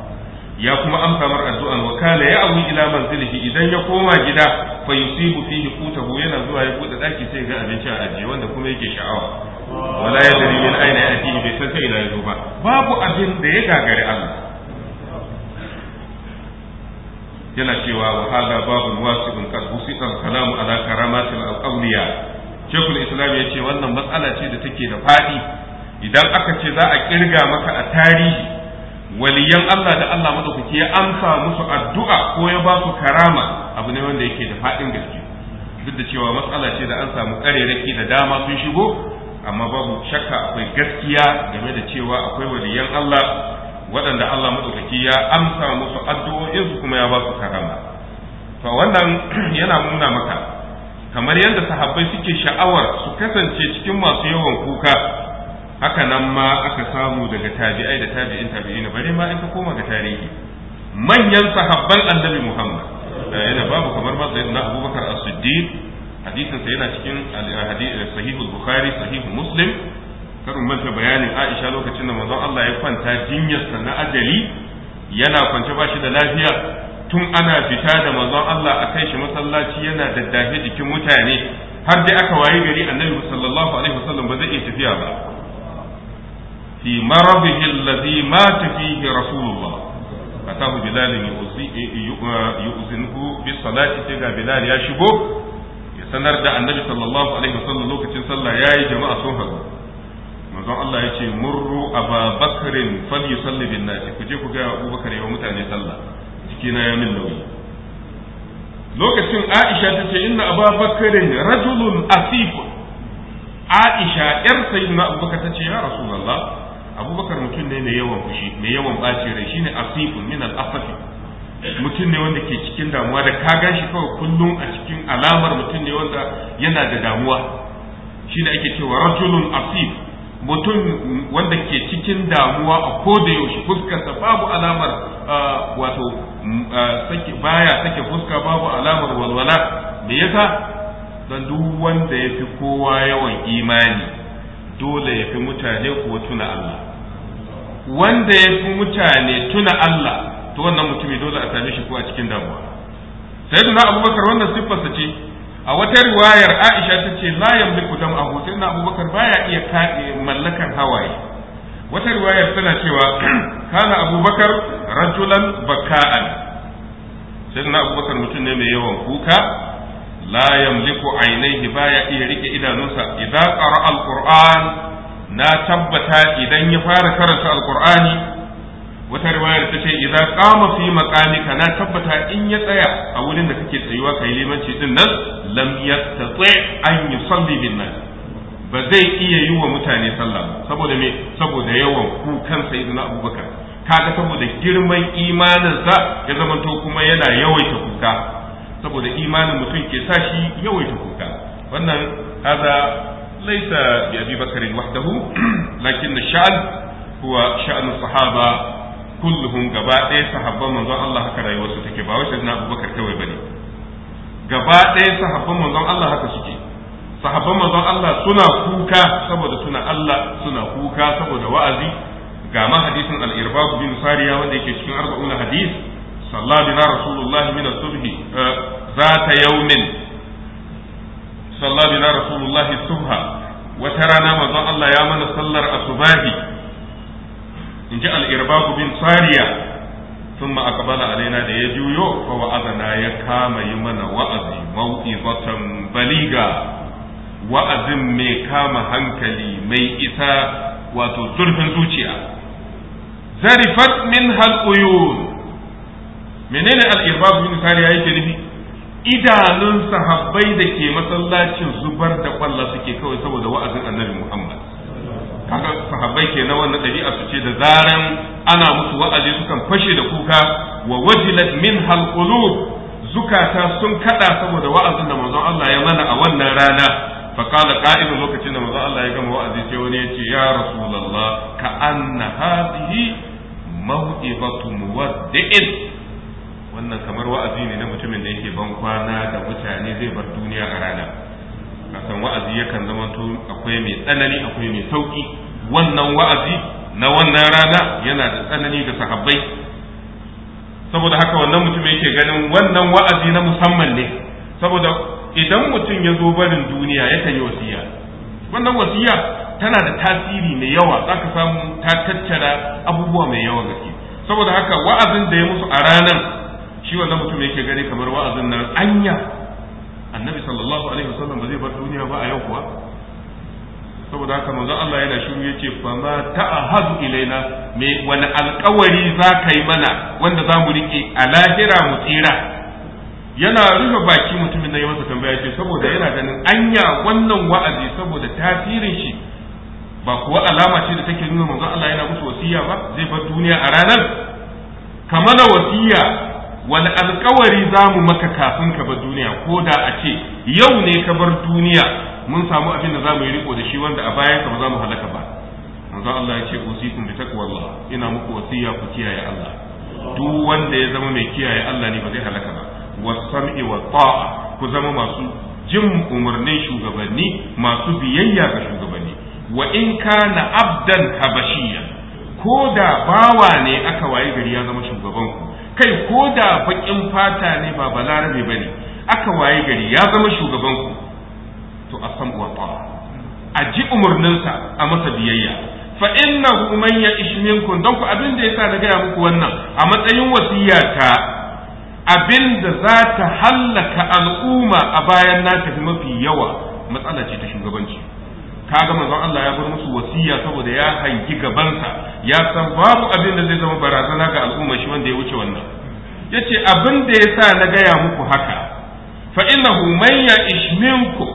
ya kuma amsa mar addu'an wa kana ya abu ila manzilihi idan ya koma gida fa yusibu fihi qutahu yana zuwa ya bude daki sai ga abinci a ajiye wanda kuma yake sha'awa wala yadri min aina yatihi bai san sai ina yazo ba babu abin da ya gagari Allah yana cewa wa hada babu wasiqun qad busita kalamu ala karamatil alqawliya shekul islam yace ce wannan matsala ce da take da fadi idan aka ce za a kirga maka a tarihi waliyan Allah da Allah madaukaki ya amsa musu addu'a ko ya ba su karama abu ne wanda yake da faɗin gaske duk da cewa matsala ce da an samu kareraki da dama sun shigo amma babu shakka akwai gaskiya game da cewa akwai waliyan Allah waɗanda Allah madaukaki ya amsa musu addu'o'insu kuma ya ba su karama to wannan [clears throat] yana nuna maka kamar yadda sahabbai suke sha'awar su kasance cikin masu yawan kuka haka nan ma aka samu daga tabi'ai da tabi'in tabi'ina bare ma in ka koma ga tarihi manyan sahabban annabi Muhammad yana babu kamar ma na Abubakar As-Siddiq hadisin sa yana cikin eh, eh, sahih al-Bukhari sahih Muslim karin manta bayanin Aisha lokacin da manzon Allah ya kwanta jinyarsa na ajali yana kwance ba shi da lafiya tun ana fita da manzon Allah a kai shi masallaci yana daddafe jikin mutane har dai aka waye gari annabi sallallahu alaihi wasallam ba zai iya tafiya ba fi marabihi alladhi mata fihi rasulullah atahu bilal yu'zinuhu bi salati sai ga bilal ya shigo ya sanar da annabi sallallahu alaihi wasallam lokacin sallah yayi jama'a sun haɗu manzon Allah ya ce murru aba bakrin falyusalli bin nasi ku je ku ga abubakar yawa mutane sallah jikina ya min nauyi lokacin aisha ta ce inna aba bakrin rajulun asif aisha yar sayyidina abubakar ta ce ya rasulullah abubakar mutum ne mai yawan fushi mai yawan ɓaci rai shine asifun min al-asafi mutum ne wanda ke cikin damuwa da ka gan kawai kullum a cikin alamar mutum ne wanda yana da damuwa shi da ake cewa rajulun asif mutum wanda ke cikin damuwa a ko da yaushe fuskarsa babu alamar ah, wato mm, ah, baya sake fuska babu alamar walwala me yasa don duk wanda ya fi kowa yawan imani dole ya fi mutane kuwa tuna Allah wanda ya fi mutane tuna Allah to wannan mutumi dole a same shi ko a cikin damuwa Sai sayyidina abubakar wannan siffarsa ce a wata riwayar Aisha ta ce la yamliku sai sayyidina abubakar baya iya mallakan hawaye wata riwayar tana cewa [clears throat] kana abubakar rajulan baka'an Sai sayyidina abubakar mutum ne mai yawan kuka la yamliku ainihi baya iya rike idanunsa idan qara'a al na tabbata idan ya fara karanta alkur'ani wata riwayar ta ce idan kama fi maqamika na tabbata in ya tsaya a wurin da kake tsayuwa kai limanci din nan lam yastati an yusalli bin nas ba zai iya yi wa mutane sallah ba saboda me saboda yawan kukan sayyidina abubakar kaga saboda girman imaninsa ya zamanto kuma yana yawaita kuka saboda imanin mutum ke sa shi yawaita kuka wannan kaza ليس بأبي بكر وحده لكن الشأن هو شأن الصحابة كلهم قبائل صحابة من ظن الله هكذا يوسطك باوش سيدنا أبو بكر كوي بني قبائل صحابة من ظن الله هكذا سكي صحابة من ظن الله سنة كوكا سبب سنة الله سنة كوكا سبب وأزي قام حديث الإرباب بن سارية وديك شكين أربعون حديث صلى بنا رسول الله من الصبح ذات يوم صلى بنا رسول الله الصبح wata rana manzon Allah ya mana sallar asubahi in ji al'irbaku bin sariya sun ma'akabala alaina da ya juyo fa wa'azana ya kama yi mana wa'azi mau'izatan baliga wa'azin mai kama hankali mai isa wato zurfin zuciya zarifat min hal'uyun menene al'irbaku bin sariya yake nufi idanun sahabbai da ke masallacin zubar da kwalla suke kawai saboda wa'azin annabi Muhammad kaga sahabbai ke na wannan dabi'a su ce da zaran ana musu wa'azi sukan fashe da kuka wa wajilat min halqulub zukata sun kada saboda wa'azin da manzon Allah ya mana a wannan rana fa qala qa'ib lokacin da manzon Allah ya gama wa'azi sai wani ya ce ya rasulullah ka anna hadhihi maw'izatu muwaddi'in wannan kamar wa'azi ne na mutumin da yake ban kwana da mutane zai bar duniya a rana kasan wa'azi yakan zama akwai mai tsanani akwai mai sauki wannan wa'azi na wannan rana yana da tsanani ga sahabbai saboda haka wannan mutum yake ganin wannan wa'azi na musamman ne saboda idan mutum ya zo barin duniya yakan yi wasiya wannan wasiya tana da tasiri mai yawa za ka samu ta tattara abubuwa mai yawa gaske saboda haka wa'azin da ya musu a ranar shi wannan mutum yake gani kamar wa'azin nan anya annabi sallallahu alaihi wasallam ba zai bar duniya ba a yau kuwa saboda haka manzo Allah yana shiru yace fa ma ta'ahadu ilaina me wani alƙawari za ka yi mana wanda za mu rike a lahira mu tsira yana rufe baki mutumin nan ya masa tambaya ce saboda yana ganin anya wannan wa'azi saboda tasirin shi ba kuwa alama ce da take nuna manzo Allah yana musu wasiya ba zai bar duniya a ranar kamar wasiya wani alkawari za mu maka kafin ka bar duniya ko da a ce yau ne ka bar duniya mun samu abin da za mu yi riko da shi wanda a bayan ka ba za mu halaka ba manzo Allah ya ce usikum bi Allah ina muku wasiya ku kiyaye Allah duk wanda ya zama mai kiyaye Allah ne ba zai halaka ba wasam'i wa ta'a ku zama masu jin umarnin shugabanni masu biyayya ga shugabanni wa in kana abdan habashiya ko da bawa ne aka waye gari ya zama shugabanku. ku kai ko da baƙin fata ne ba balarabe ba ne aka waye gari ya zama shugaban ku to a san uwa a ji umarninsa a masa biyayya fa innahu man ya minkum don ku abin da yasa na gaya muku wannan a matsayin ta abin da za ta hallaka al'umma a bayan na tafi mafi yawa matsala ce ta shugabanci Ka kaga manzon Allah ya bar musu wasiya saboda ya hangi gabansa ya san babu abin da zai zama barazana ga al'umma shi wanda ya wuce wannan yace abin da yasa na gaya muku haka fa innahu man ya ishminku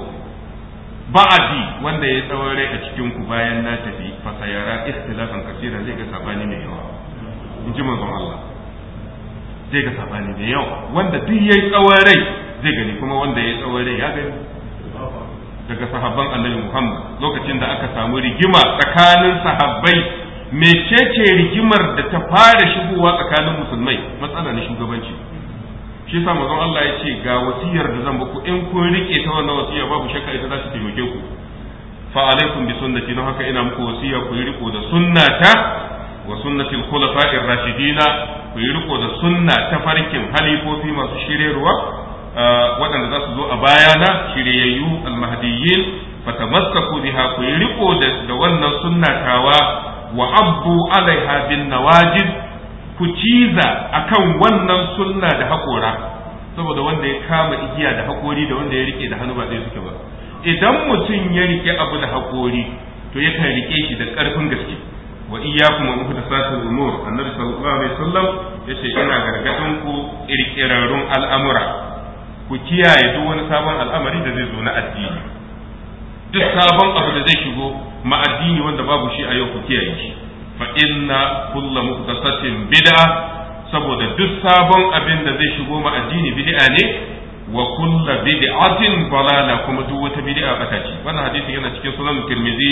ba'di wanda ya tsawon a cikin ku bayan na tafi fa sayara ikhtilafan kaseera zai ga sabani mai yawa in ji manzon Allah zai ga sabani mai yawa wanda duk yayi tsawon zai gani kuma wanda ya tsawon rai ya gani daga sahabban annabi Muhammad lokacin da aka samu rigima tsakanin sahabbai mecece rigimar da ta fara shigowa tsakanin musulmai matsala na shugabanci shi yasa manzon Allah ya ce ga wasiyar da zan baku in kun rike ta wannan wasiya babu shakka ita za ta taimake ku fa alaikum bi sunnati na haka ina muku wasiya ku yi riko da sunnata wa sunnati al-khulafa'ir rashidina ku yi riko da sunna ta farkin halifofi masu shiryarwa waɗanda za su zo a bayana shiryayyu fa tamassaku biha ku riko da wannan sunnatawa wa abdu alaiha bin nawajid ku ciza akan wannan sunna da hakora saboda wanda ya kama igiya da hakori da wanda ya rike da hannu ba zai suke ba idan mutum ya rike abu da hakori to ya yakan rike shi da ƙarfin gaske wa iyyakum wa muhdathatil umur annabi sallallahu alaihi wasallam yace ina gargadin ku irkirarun al'amura ku kiyaye duk wani sabon al'amari da zai zo na addini duk sabon abu da zai shigo ma addini wanda babu shi a yau ku kiyaye shi fa inna kullu muhdathatin bid'a saboda duk sabon abin da zai shigo ma addini bid'a ne wa kullu bid'atin dalala kuma duk wata bid'a bata ce wannan hadisi yana cikin sunan Tirmidhi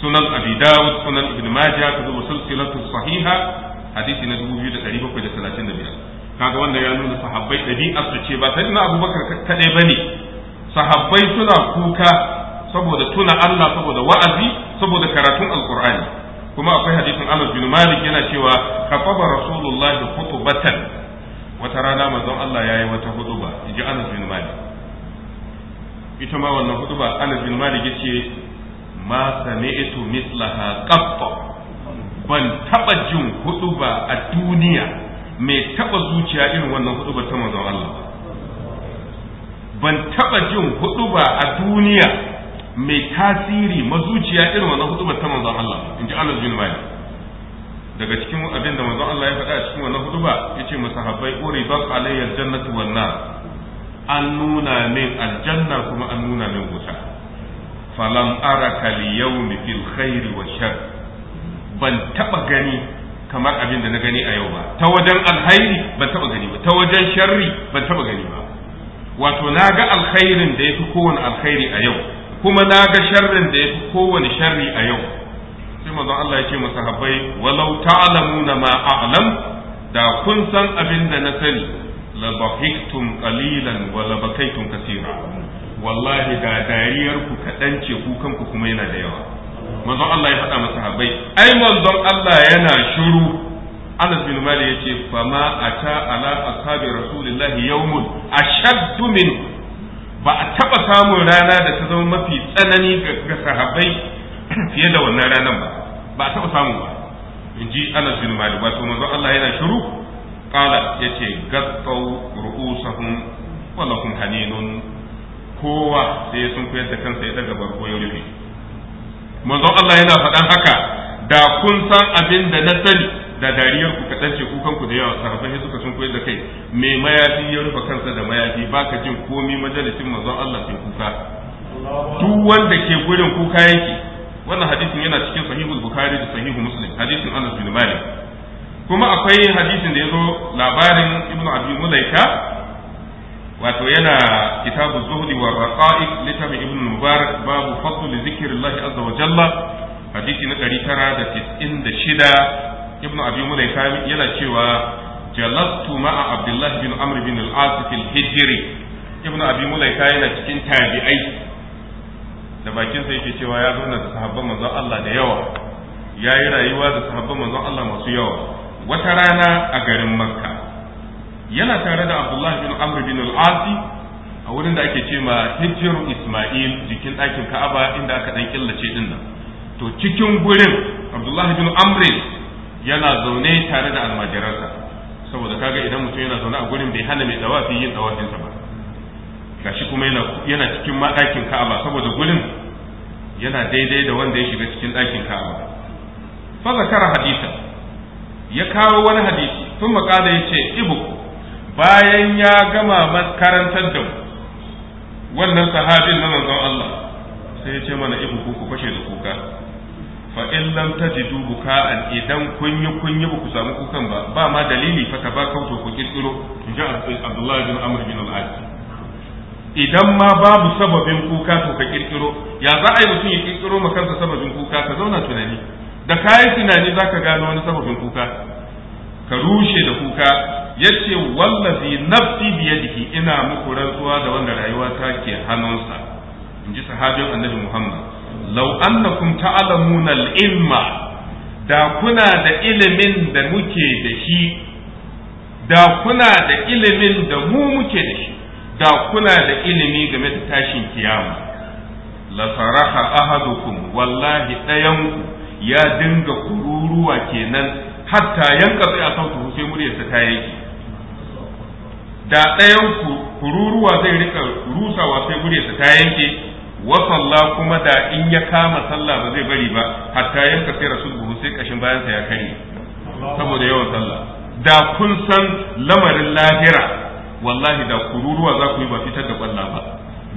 sunan Abi Dawud sunan Ibn Majah da silsilatu sahiha hadisi na 2735 kaga wanda ya nuna sahabbai ɗabi'ar su ce ba ta nuna abubakar kaɗai ba ne sahabbai suna kuka saboda tuna Allah saboda wa'azi saboda karatun alkur'ani kuma akwai hadisin Anas bin Malik yana cewa kafafa rasulullahi khutbatan wata rana manzon Allah yayi wata hutuba inji Anas bin Malik ita ma wannan hutuba Anas bin Malik yace ma sami'tu mislaha qatta ban taba jin hutuba a duniya mai taba zuciya irin wannan hudubar ta manzon Allah ban taba jin huduba a duniya mai tasiri mazuciya irin wannan hudubar ta manzon Allah in ji Allah zuwa Malik daga cikin abin da manzon Allah ya faɗa a cikin wannan huduba yace masahabbai ba alayya alayyar wan nar an nuna min aljanna kuma an nuna min wuta falam araka liyawmi fil khairi wa shar ban taba gani kamar abin da na gani a yau ba ta wajen alkhairi ban taba gani ba ta wajen sharri ban taba gani ba wato na ga alkhairin da ya fi kowane alkhairi a yau kuma na ga sharrin da ya fi kowane sharri a yau sai mazan Allah ya ce masahabbai walau ta'lamuna ma a'lam da kun san abin da na sani la bahiktum qalilan wa la bakaytum kaseera wallahi da dariyar ku kadan ce ku kanku kuma yana da yawa manzon Allah ya faɗa masa habbai ai manzon Allah yana shiru Anas bin Malik yace fama ata ala ashabi rasulillah yawmun ashaddu min ba a taba samun rana da ta zama mafi tsanani ga sahabbai [clears throat] fiye da wannan ranar ba ba a taba samu ba in ji Anas bin Malik wato manzon Allah yana shiru qala yace gattau ru'usahum walakum haninun kowa sai sun koyar da kansa ya daga barko ya rufe manzon Allah yana faɗan haka da kun san abin da na sani da dariyar ku ce kukan ku da yawa sahabbai suka sun da kai mai mayafi ya rufe kansa da mayafi baka jin komi majalisin manzon Allah sai kuka duk wanda ke gurin kuka yake wannan hadisin yana cikin sahihul bukhari da sahihu muslim hadisin Anas bin Malik kuma akwai hadisin da yazo labarin ibnu abi mulaika wato yana kitabu zuhdi wa raqa'iq littafi ibn mubarak babu fadl zikrillah azza wa jalla hadisi na 996 ibn abi mulaika yana cewa jalastu ma'a abdullah bin amr bin al-as fil hijri ibn abi yana cikin tabi'ai da bakin sa yake cewa ya zauna da sahabban manzon Allah da yawa yayi rayuwa da sahabban manzon Allah masu yawa wata rana a garin makka yana tare da abdullahi bin amr bin al-asi a wurin da ake ce ma hijru isma'il jikin ɗakin ka'aba inda aka dan killace din nan to cikin gurin abdullahi bin amr yana zaune tare da almajiransa saboda kaga idan mutum yana zaune a gurin bai hana mai dawafi yin dawafinsa ba gashi kuma yana yana cikin ma ɗakin ka'aba saboda gurin yana daidai da wanda ya shiga cikin ɗakin ka'aba fa zakara hadisa ya kawo wani hadisi tun makala yace ibuku bayan ya gama makarantar da wannan sahabin na manzon Allah sai ya ce mana ibu ku fashe da kuka fa in lam tajidu buka'an idan kun yi kun yi ku samu kukan ba ba ma dalili fa ta ba kauto ku kirkiro in ji Abdullahi bin Amr bin al-As idan ma babu sababin kuka to ka kirkiro ya za a yi mutum ya kirkiro ma kansa sababin kuka ka zauna tunani da kayi tunani zaka gano wani sababin kuka ka rushe da kuka yace wallafi nafsi biyadihi ina muku rantsuwa da wanda rayuwa ta ke hannunsa in ji sahabin annabi Muhammad law annakum ta'lamuna al-ilma da kuna da ilimin da muke da shi da kuna da ilimin da mu muke da shi da kuna da ilimi game da tashin kiyama la faraha ahadukum wallahi ɗayanku ya dinga kururuwa kenan hatta yanka sai a sautu sai muryarsa ta yanki da ɗayan ku kururuwa zai rika rusawa sai muryarsa ta yanke wa sallah kuma da in ya kama sallah ba zai bari ba hatta yanka sai rasul buhu sai kashin sa ya kare saboda yawan sallah da kun san lamarin lahira wallahi da kururuwa za ku yi ba fitar da kwalla ba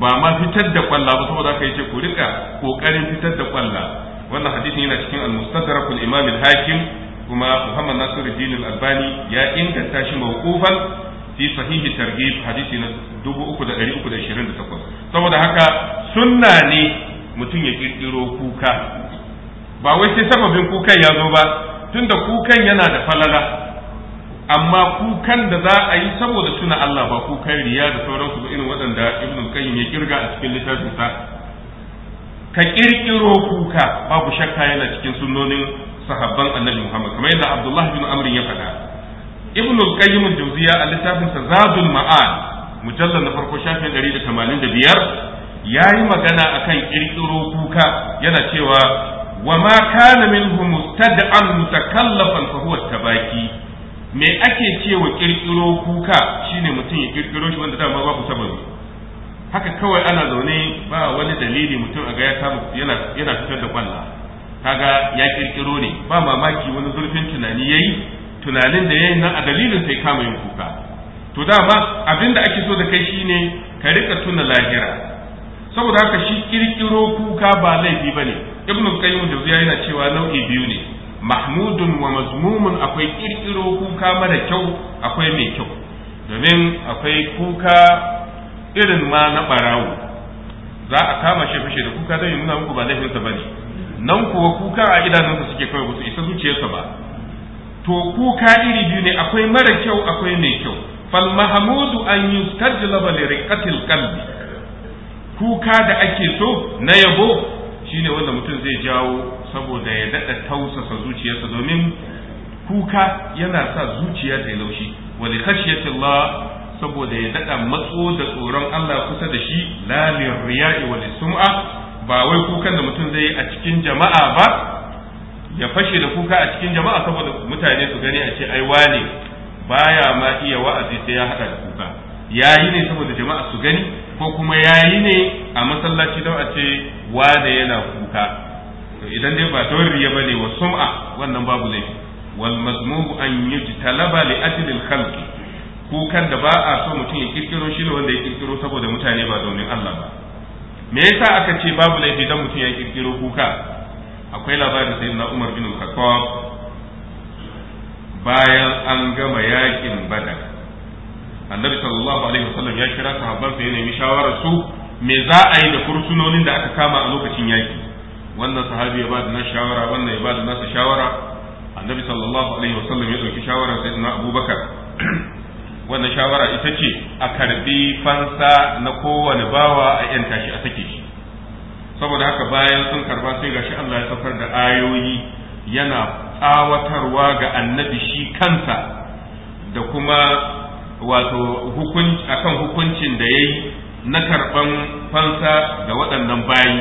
ba ma fitar da kwalla ba saboda aka yi ce ku rika kokarin fitar da kwalla wannan hadisi yana cikin al-mustadrak al-imam al-hakim kuma Muhammad Nasiruddin Al-Albani ya inganta shi mawqufan fi sahihi targhib hadisi na 3328 saboda haka sunna ne mutum ya kirkiro kuka ba wai sai sababin kukan ya zo ba tunda kukan yana da falala amma kukan da za a yi saboda suna Allah ba kukan riya da sauransu ba irin waɗanda ibn qayyim ya kirga a cikin littafinsa ka kirkiro kuka babu shakka yana cikin sunnonin sahabban annabi Muhammad kamar yadda Abdullah bin Amr ya faɗa Ibn al-Qayyim al-Jawziya a littafin sa Zadul Ma'ad mujallal na farko shafin 185 yayi magana akan kirkiro kuka yana cewa wa ma kana minhum mustad'an mutakallafan fa huwa tabaki me ake cewa kirkiro kuka shine mutum ya kirkiro shi wanda dama babu sababi haka kawai ana zaune ba wani dalili mutum a ga ya yana fitar da kwalla kaga ya kirkiro ne ba mamaki wani zurfin tunani yayi tunanin da yayi na a dalilin sai kama yin kuka to dama abin da ake so da kai shine ka rika tuna lahira saboda haka shi kirkiro kuka ba laifi bane ibnu qayyim jawziya yana cewa nau'i biyu ne mahmudun wa mazmumun akwai kirkiro kuka mara kyau akwai mai kyau domin akwai kuka irin ma na barawo za a kama shi fushi da kuka zai nuna muku ba laifinsa bane nan kuwa kuka a idanunsa suke kawai ba su isa zuciyarsa ba to kuka iri biyu ne akwai mara kyau akwai mai kyau fal mahamudu an yustajlaba li riqatil qalbi kuka da ake so na yabo shine wanda mutum zai jawo saboda ya dada tausasa zuciyarsa domin kuka yana sa zuciya ta laushi wa li Allah saboda ya dada matso da tsoron Allah kusa da shi la min riya'i sum'a ba wai kukan da mutum zai a cikin jama'a ba ya fashe da kuka a cikin jama'a saboda mutane su gani a ce ai wane baya ma iya wa'azi sai ya hada da kuka yayi ne saboda jama'a su gani ko kuma yayi ne a masallaci don a ce wane yana kuka to idan dai ba ya bane wa sum'a wannan babu laifi wal mazmumu an yujtalaba li ajli al khalq kukan da ba a so mutum ya kirkiro shi ne wanda ya kirkiro saboda mutane ba domin Allah ba me yasa aka ce babu laifi dan mutum ya kirkiro kuka akwai labarin sai na Umar bin Khattab bayan an gama yakin Badar annabi sallallahu alaihi wasallam ya kira sahabban sa ya nemi shawarar su me za a yi da kursunonin da aka kama a lokacin yaki wannan sahabi ya ba da nasa shawara wannan ya ba da nasa shawara annabi sallallahu alaihi wasallam ya dauki shawarar sayyidina Abubakar wannan shawara ita ce a karbi fansa na kowane bawa a yanta shi a sake shi saboda haka bayan sun karba sai shi Allah ya saukar da ayoyi yana tsawatarwa ga annabi shi kansa da kuma wato hukunci akan hukuncin da yayi na karban fansa da waɗannan bayi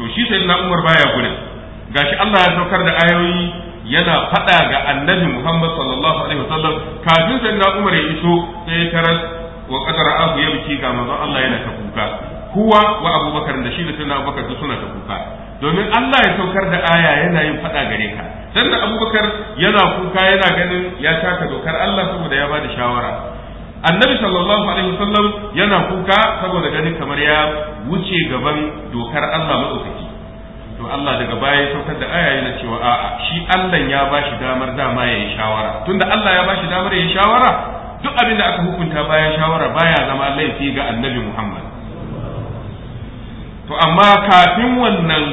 to shi sai na Umar baya gudun gashi Allah ya saukar da ayoyi yana faɗa ga annabi Muhammad sallallahu alaihi wasallam kafin sayyidina Umar ya iso sai taras wa qadara abu yabki ga manzon Allah yana ta kuka kuwa wa Abubakar da shi da sayyidina Abubakar duk suna ta kuka domin Allah ya saukar da aya yana yin faɗa gare ka sannan Abubakar yana kuka yana ganin ya taka dokar Allah saboda ya bada shawara annabi sallallahu alaihi wasallam yana kuka saboda ganin kamar ya wuce gaban dokar Allah madaukaki to Allah daga baya ya saukar da aya yana cewa a'a shi Allah ya ba shi damar dama ya yi shawara tunda Allah ya ba shi damar ya yi shawara duk abin da aka hukunta baya shawara baya zama laifi ga Annabi Muhammad to amma kafin wannan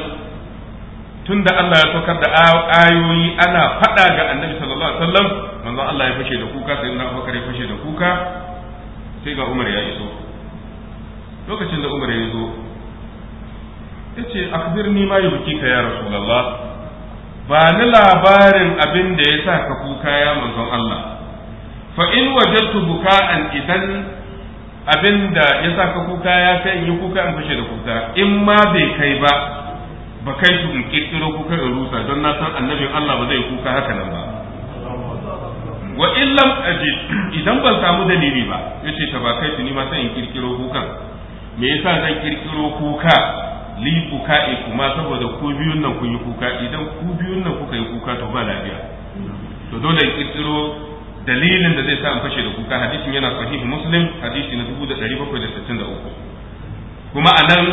tunda Allah ya saukar da ayoyi ana faɗa ga Annabi sallallahu alaihi wasallam manzon Allah ya fashe da kuka sai na Abubakar ya fashe da kuka sai ga Umar ya iso lokacin da Umar ya zo ta ce akhbirni ma yubki ka ya rasulullah ba ni labarin abin da ya sa ka kuka ya manzon Allah fa in wajadtu buka'an idan abin da ya sa ka kuka ya kai in yi kuka in fashe da kuka in ma bai kai ba ba kai su in kirkiro kuka in rusa don na san annabin Allah ba zai kuka haka nan ba wa in lam ajid idan ban samu dalili ba yace ta ba kai su ni ma sai in kirkiro kuka me yasa zan kirkiro kuka li buka'i kuma saboda ku biyun nan kun yi kuka idan ku biyun nan kuka yi kuka to ba lafiya to dole in kirkiro dalilin da zai sa in fashe da kuka hadisin yana sahihu muslim hadisi na 1763 kuma a nan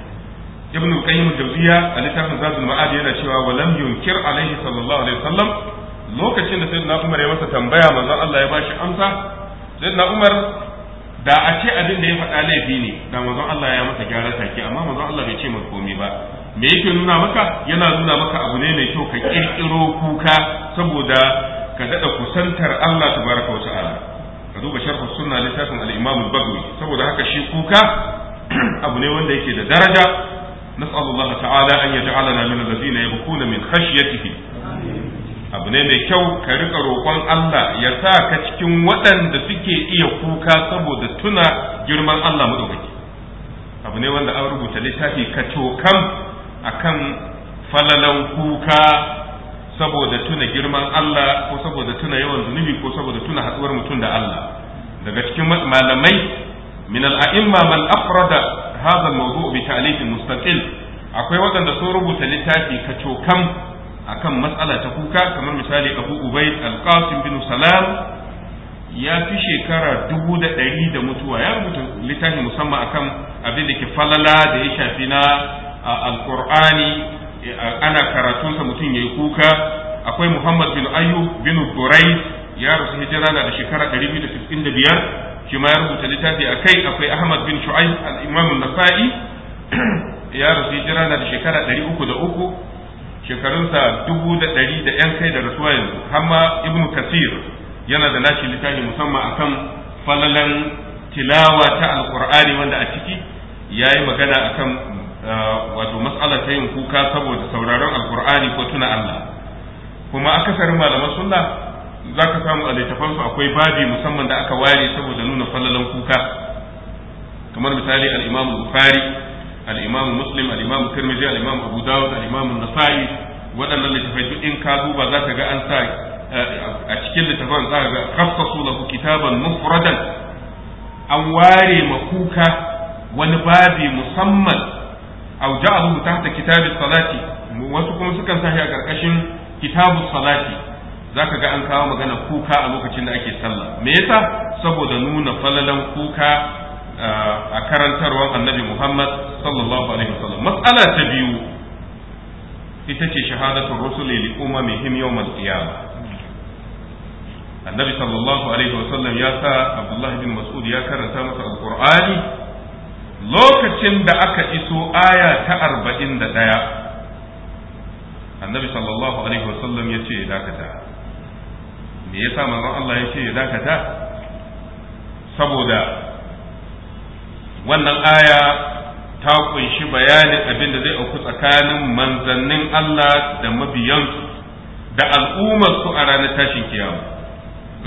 [clears throat] ibnu qayyim jawziya a littafin zadul ma'ad yana cewa wa lam yunkir alaihi sallallahu alaihi wasallam lokacin da sayyidina umar ya masa tambaya manzo Allah ya bashi amsa sayyidina umar da a ce abin da ya faɗa laifi ne da manzon Allah ya masa gyaran take amma manzon Allah bai ce masa komai ba me yake nuna maka yana nuna maka abu ne mai kyau ka kirkiro kuka saboda ka dada kusantar Allah tabaraka wa ta'ala ka duba sharh sunna littafin al-Imam al-Baghawi saboda haka shi kuka [clears throat] abu ne wanda yake da daraja nas'alullah ta'ala an yaj'alana min alladhina yabkuna min khashyatihi abu ne mai kyau ka rika roƙon Allah ya sa ka cikin waɗanda suke iya kuka saboda tuna girman Allah madaukaki abu ne wanda an rubuta littafi ka cokam akan falalan kuka saboda tuna girman Allah ko saboda tuna yawan zunubi ko saboda tuna haɗuwar mutum da Allah daga cikin malamai min al'a'imma man afrada hadha al-mawdu' bi ta'lif mustaqil akwai waɗanda sun rubuta littafi ka cokam akan matsala ta kuka kamar misali abu ubaid alqasim bin salam ya fi shekara dubu da ɗari da mutuwa ya rubuta littafi musamman akan abin da ke falala da ya shafi na alqur'ani ana karatunsa mutum ya yi kuka akwai muhammad bin ayyub bin durai ya rasu hijira na da shekara ɗari biyu da da biyar shi ya rubuta littafi a kai akwai ahmad bin shu'aib al-imam nasai [clears throat] ya rasu hijira na da shekara ɗari uku da uku shekarunsa dubu da ɗari da ‘yan kai da rasuwa yanzu hamma ibnu kasir yana da nashi littafi musamman akan falalan tilawa ta alkur'ani wanda a ciki ya yi magana akan ah, wato matsala ta yin kuka saboda sauraron alkur'ani ko tuna Allah kuma akasarin malaman sunna za ka samu a littafansu akwai babi musamman da aka ware saboda nuna falalan kuka kamar misali al-imam bukhari al-imam muslim al-imam tirmidhi al-imam abu dawud al-imam an-nasa'i waɗannan littafai duk in ka duba za ka ga an sa eh, a cikin littafan za ka ga khassasu lahu kitaban mufradan an ware makuka wani babi musamman au ja'aluhu tahta kitabi salati wasu kuma sukan sa a karkashin kitabu salati za ka ga an kawo magana kuka a lokacin da ake sallah me yasa saboda nuna falalan kuka a karantarwar annabi Muhammad sallallahu alaihi wasallam mas'ala ta biyu ita ce shahadatul rusuli li yawm al-qiyam annabi sallallahu alaihi wasallam ya sa Abdullah bin Mas'ud ya karanta masa al-Qur'ani lokacin da aka iso aya ta 41 annabi sallallahu alaihi wasallam ya ce ya dakata me yasa manzon Allah ya ce ya dakata saboda wannan aya ta kunshi bayanin abin da zai auku tsakanin manzannin Allah da mabiyansu da al'ummarsu a ranar tashin kiyama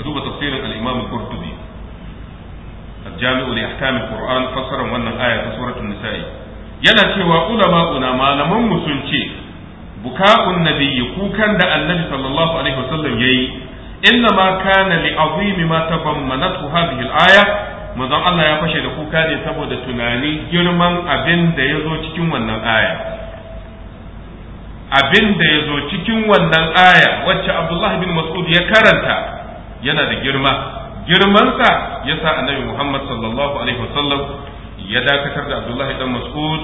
ka duba tafsirin al-Imam Qurtubi al-Jami'u li ahkam al-Qur'an fassaran wannan aya ta suratul nisa'i yana cewa ulama'una malaman mu sun ce buka'un nabiyyi kukan da annabi sallallahu alaihi wasallam yayi inna ma kana li azimi ma tabammanatu hadhihi al-aya manzon Allah ya fashe da kuka ne saboda tunani girman abin da ya zo cikin wannan aya abin da ya zo cikin wannan aya wacce Abdullah bin Mas'ud ya karanta yana da girma girmansa ya sa annabi Muhammad sallallahu alaihi wasallam ya dakatar da Abdullah bin Mas'ud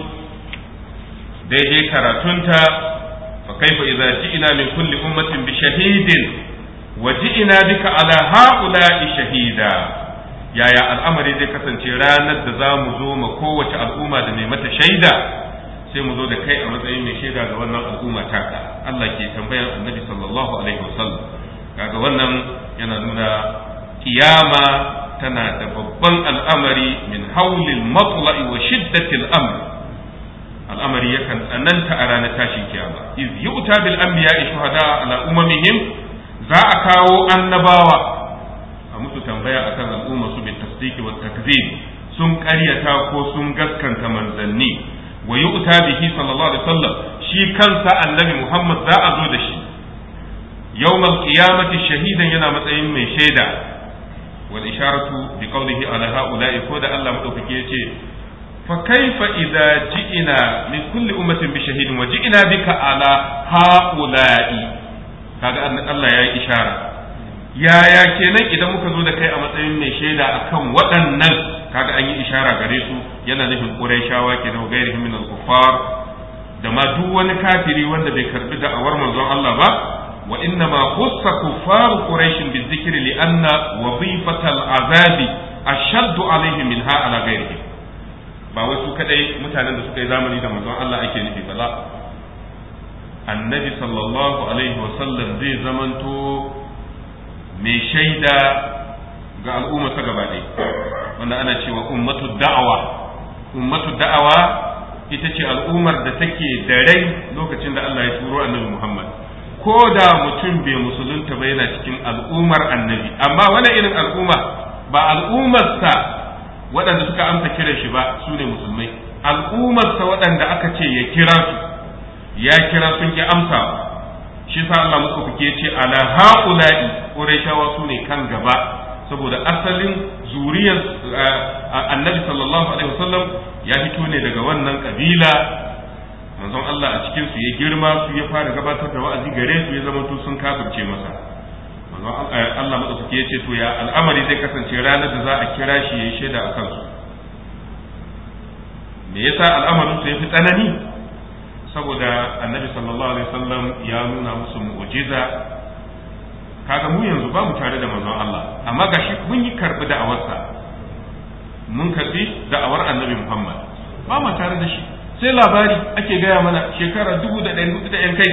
daidai karatunta fa kaifa idza ji'na min kulli ummatin bi shahidin wa ji'na bika ala ha'ula'i shahida yaya al'amari zai kasance ranar da za mu zo ma kowace al'umma da mai mata shaida sai mu zo da kai a matsayin mai shaida ga wannan al'umma ta Allah ke tambayar annabi sallallahu alaihi wasallam kaga wannan yana nuna kiyama tana da babban al'amari min haulil matla'i wa shiddatil amr al'amari yakan tsananta a ranar tashin kiyama iz yu'ta bil anbiya shuhada ala umamihim za a kawo annabawa a musu tambaya akan al'umma tasdiq wa takzib sun ƙaryata ko sun gaskanta manzanni wa yu'ta bihi sallallahu alaihi wasallam shi kansa annabi Muhammad za a zo da shi yawmal qiyamati shahidan yana matsayin mai shaida wal isharatu bi qawlihi ala haula'i ko da Allah madaukake yace fa kaifa idza ji'ina min kulli ummatin bi shahidin wa ina bika ala haula'i kaga Allah ya yi ishara yaya kenan idan muka zo da kai a matsayin mai shaida akan waɗannan kaga an yi ishara gare su yana nufin ke nau gairi min al kufar da ma duk wani kafiri wanda bai karbi da'awar manzon Allah ba wa inna ma khussa kuffaru quraish dhikri li anna wazifata al azab ashaddu alaihim min ha ala gairihim ba wasu kadai mutanen da suka yi zamani da manzon Allah ake nufi ba annabi sallallahu alaihi wa sallam zai zamanto mai shaida ga al'umma ta gaba ɗaya wanda ana cewa ummatu da'awa ummatu da'awa ita ce al'ummar da take da rai lokacin da Allah ya turo annabi Muhammad ko da mutum bai musulunta ba yana cikin al'ummar annabi amma wani irin al'umma ba al'ummarsa waɗanda suka amsa kiran shi ba su ne musulmai al'ummarsa waɗanda aka ce ya kira su ya kira sun ki amsa shi yasa Allah muka fike ce ala haula'i qurayshawa su ne kan gaba saboda asalin zuriyar eh, annabi sallallahu alaihi wasallam ya fito ne daga wannan kabila manzon Allah a cikin su ya girma su ya fara gabatar da wa'azi gare su ya zama to sun kafirce masa manzon eh, Allah muka ya ce to ya al'amari zai kasance ranar da za a kira shi ya shaida a kansu me yasa al'amarin su ya fi tsanani saboda annabi sallallahu alaihi wasallam ya nuna musu mu'jiza kaga mu yanzu ba mu tare da manzon Allah amma gashi mun yi karbi da'awarsa mun karbi da'awar annabi Muhammad ba mu tare da shi sai labari ake gaya mana shekara dubu da ɗari hudu da ɗan kai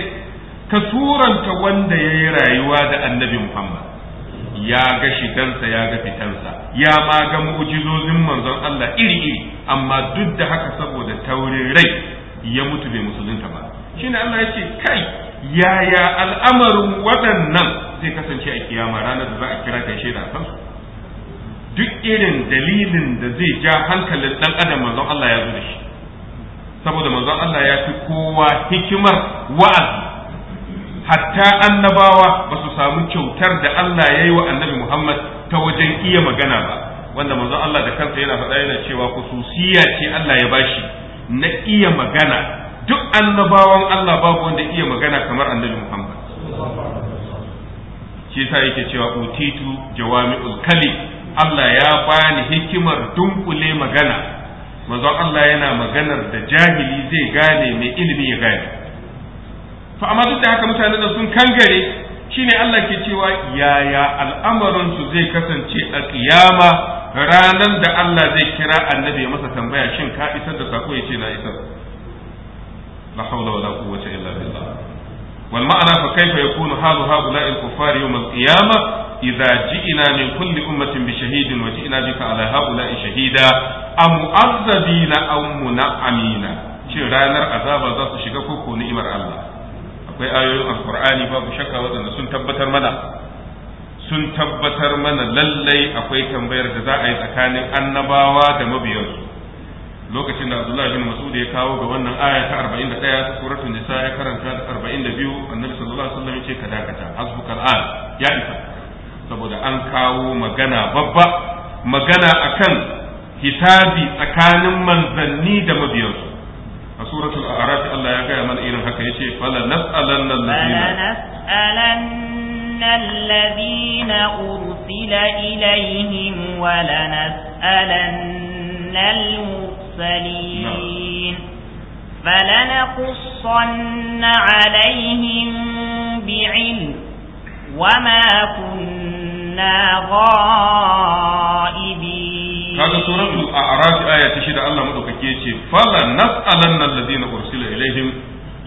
ka suranta wanda ya yi rayuwa da annabi Muhammad ya ga shigansa ya ga fitansa ya ma ga mu'jizozin manzon Allah iri iri amma duk da haka saboda taurin rai ya mutu bai musulunta ba hmm. shine Allah ya ce kai yaya al'amarin waɗannan zai kasance a kiyama ranar da za a kira kai shaida a duk irin dalilin da zai ja hankalin dan adam manzon Allah ya zo da shi saboda manzon Allah ya fi kowa hikimar wa'azi hatta annabawa ba su samu kyautar da Allah ya yi wa annabi Muhammad ta wajen iya magana ba wanda manzon Allah da kansa yana faɗa yana cewa kususiya ce Allah ya bashi na iya magana duk annabawan Allah babu wanda iya magana kamar annabi Muhammad shi yasa yake cewa utitu jawami'ul kalim Allah ya bani hikimar dunkule magana manzon Allah yana maganar da jahili zai gane mai ilimi ya gane fa amma duk da haka mutane da sun kangare shine Allah ke cewa yaya al'amarin su zai kasance a kiyama ranan da Allah zai kira annabi ya masa tambaya shin ka isar da sako ce na isar la hawla wala quwwata illa billah wal ma'ana fa kayfa yakunu halu haula'i al-kuffar yawm al-qiyamah idza ji'na min kulli ummatin bi shahidin wa ji'na bika ala haula'i shahida am mu'azzabina aw mun'amina shin ranar azaba za su shiga ko ni'imar Allah akwai ayoyin alqur'ani babu shakka waɗanda sun tabbatar mana sun tabbatar mana lallai akwai tambayar da za a yi tsakanin annabawa da mabiyansu lokacin da abdullahi bin Mas'ud ya kawo ga wannan aya ta 41 suratul nisa ya karanta da 42 annabi sallallahu alaihi wasallam yace ka dakata hasbukal al ya isa saboda an kawo magana babba magana akan hisabi tsakanin manzanni da mabiyansu a suratul a'raf Allah ya gaya mana irin haka yace fala nas'alanna alladhina من الذين أرسل إليهم ولنسألن المرسلين فلنقصن عليهم بعلم وما كنا غائبين هذا سورة الأعراف آية تشهد الله مدوكك فلنسألن الذين أرسل إليهم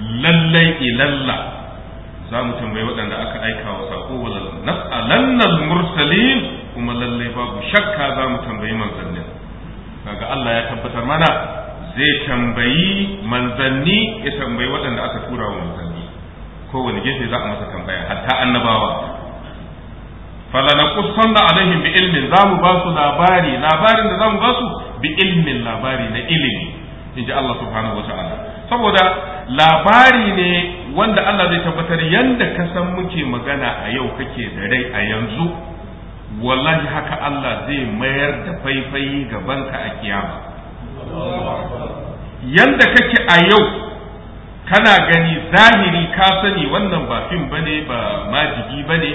للي إلى الله za mu tambayi waɗanda aka aika wa saƙo wa nas'alannal mursalin kuma lallai babu shakka za mu tambayi manzannin kaga Allah ya tabbatar mana zai tambayi manzanni ya tambayi waɗanda aka tura wa manzanni kowane gefe za a masa tambaya hatta annabawa fala na kusan da alaihim bi ilmin za mu ba su labari labarin da za mu ba su bi ilmin labari na ilimi in ji Allah subhanahu wa ta'ala saboda labari ne wanda Allah zai tabbatar yanda ka san muke magana a yau kake da rai a yanzu wallahi haka Allah zai mayar da faifayi gabanka a kiyama yanda kake a yau kana gani zahiri ka sani wannan ba fim bane ba majigi bane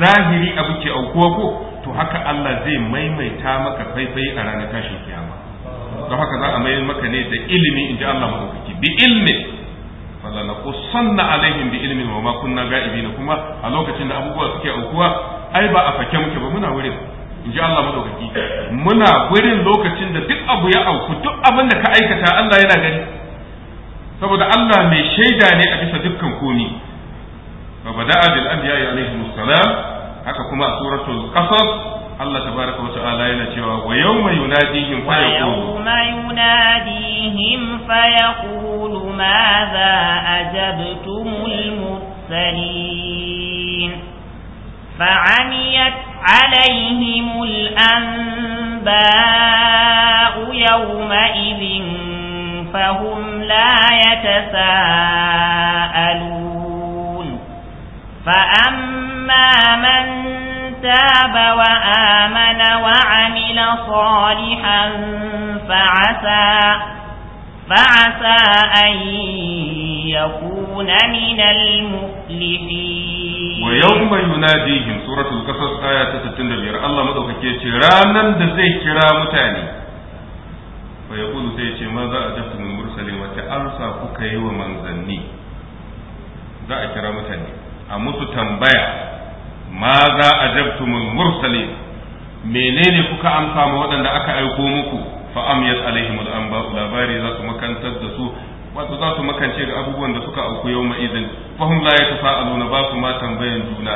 zahiri abu ke aukuwa ko to haka Allah zai maimaita maka faifayi a ranar tashin kiyama don haka za a mayar maka ne da ilimi in ji Allah maɗaukaki bi na fala naqussanna alaihim bi ilmin wa ma kunna ga'ibin kuma a lokacin da abubuwa suke aukuwa ai ba a fake muke ba muna wurin in ji Allah madaukaki muna wurin lokacin da duk abu ya auku duk abin da ka aikata Allah yana gani saboda Allah mai shaida ne a bisa dukkan komi fa bada'a bil anbiya'i alaihimus salam haka kuma a suratul qasas Allah tabaraka wa ta'ala yana cewa wa yawma yunadihim fa yaqulu wa yawma yunadihim fa yaqulu madha ajabtumul mursalin فعميت عليهم الأنباء يومئذ فهم لا يتساءلون فأما من تاب وآمن وعمل صالحا فعسى فعسى أن يكون من المفلحين ويوم يناديهم سورة القصص آية 65 الله مدوكك يتي رانا دزي كرا متاني فيقول سيتي ماذا أجبتم المرسلين وتأرسى كوكاي ومنزلني ذا كرا متاني أموت تنبيع ma za ajabtumul mursalin menene kuka amsa ma waɗanda aka aiko muku fa amyat alaihim al labari za su makantar da su wato za su makance ga abubuwan da suka auku yau ma'izin fahim la ya na ba su ma tambayan juna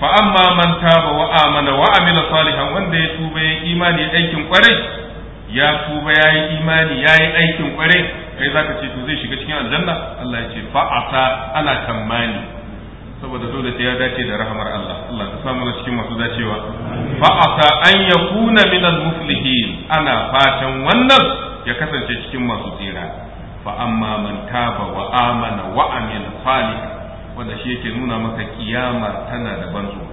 fa amma man taba wa amana wa amila salihan wanda ya tuba ya imani ya aikin kwarai ya tuba ya yi imani ya yi aikin kwarai kai za ka ce to zai shiga cikin aljanna Allah ya ce fa asa ana tammani saboda dole sai ya dace da rahamar Allah Allah ta samu cikin masu dacewa fa asa an yakuna min al muflihin ana fatan wannan ya kasance cikin masu tsira fa amma man taba wa amana wa amila salih wanda shi yake nuna maka kiyama tana da banzo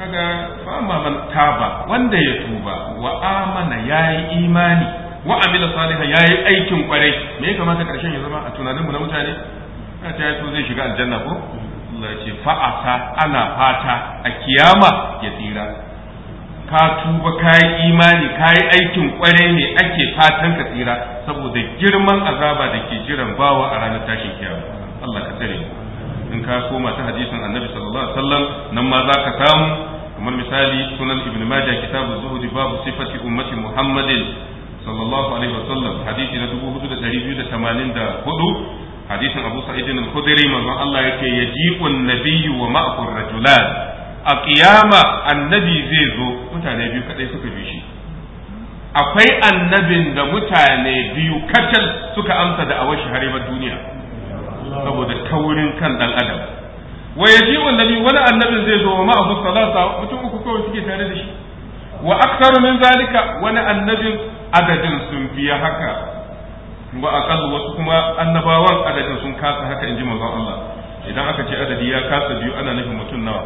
kaga fa amma man taba wanda ya tuba wa amana yayi imani wa amila salihan yayi aikin kwarai me ya kamata karshen ya zama a tunaninmu na mutane ta ta so zai shiga aljanna ko Allah ya ce fa'asa ana fata a kiyama ya tsira ka tuba ka yi imani ka yi aikin kware ne ake fatan ka tsira saboda girman azaba da ke jiran bawa a ranar tashin kiyama Allah ka tsare in ka koma ta hadisin annabi sallallahu alaihi wasallam nan ma za ka samu kamar misali sunan ibn majah kitabu zuhudi babu sifati ummati muhammadin sallallahu alaihi wasallam hadisi na 4284 hadisin abu sa'idin al-khudri manzon Allah yake ya an-nabiyyu wa ma'ahu ar a qiyama annabi zai zo mutane biyu kadai suka bi shi akwai annabin da mutane biyu kacal suka amsa da awar shaharibar duniya saboda taurin kan dan adam wa yaji'u an-nabi wani annabin zai zo wa ma'ahu salasa mutum uku suke tare da shi wa aktsaru zalika wani annabin adadin sun fiye haka a aqallu wasu kuma annabawan adadin sun kasa haka in ji manzon Allah idan aka ce adadi ya kasa biyu ana nufin mutum nawa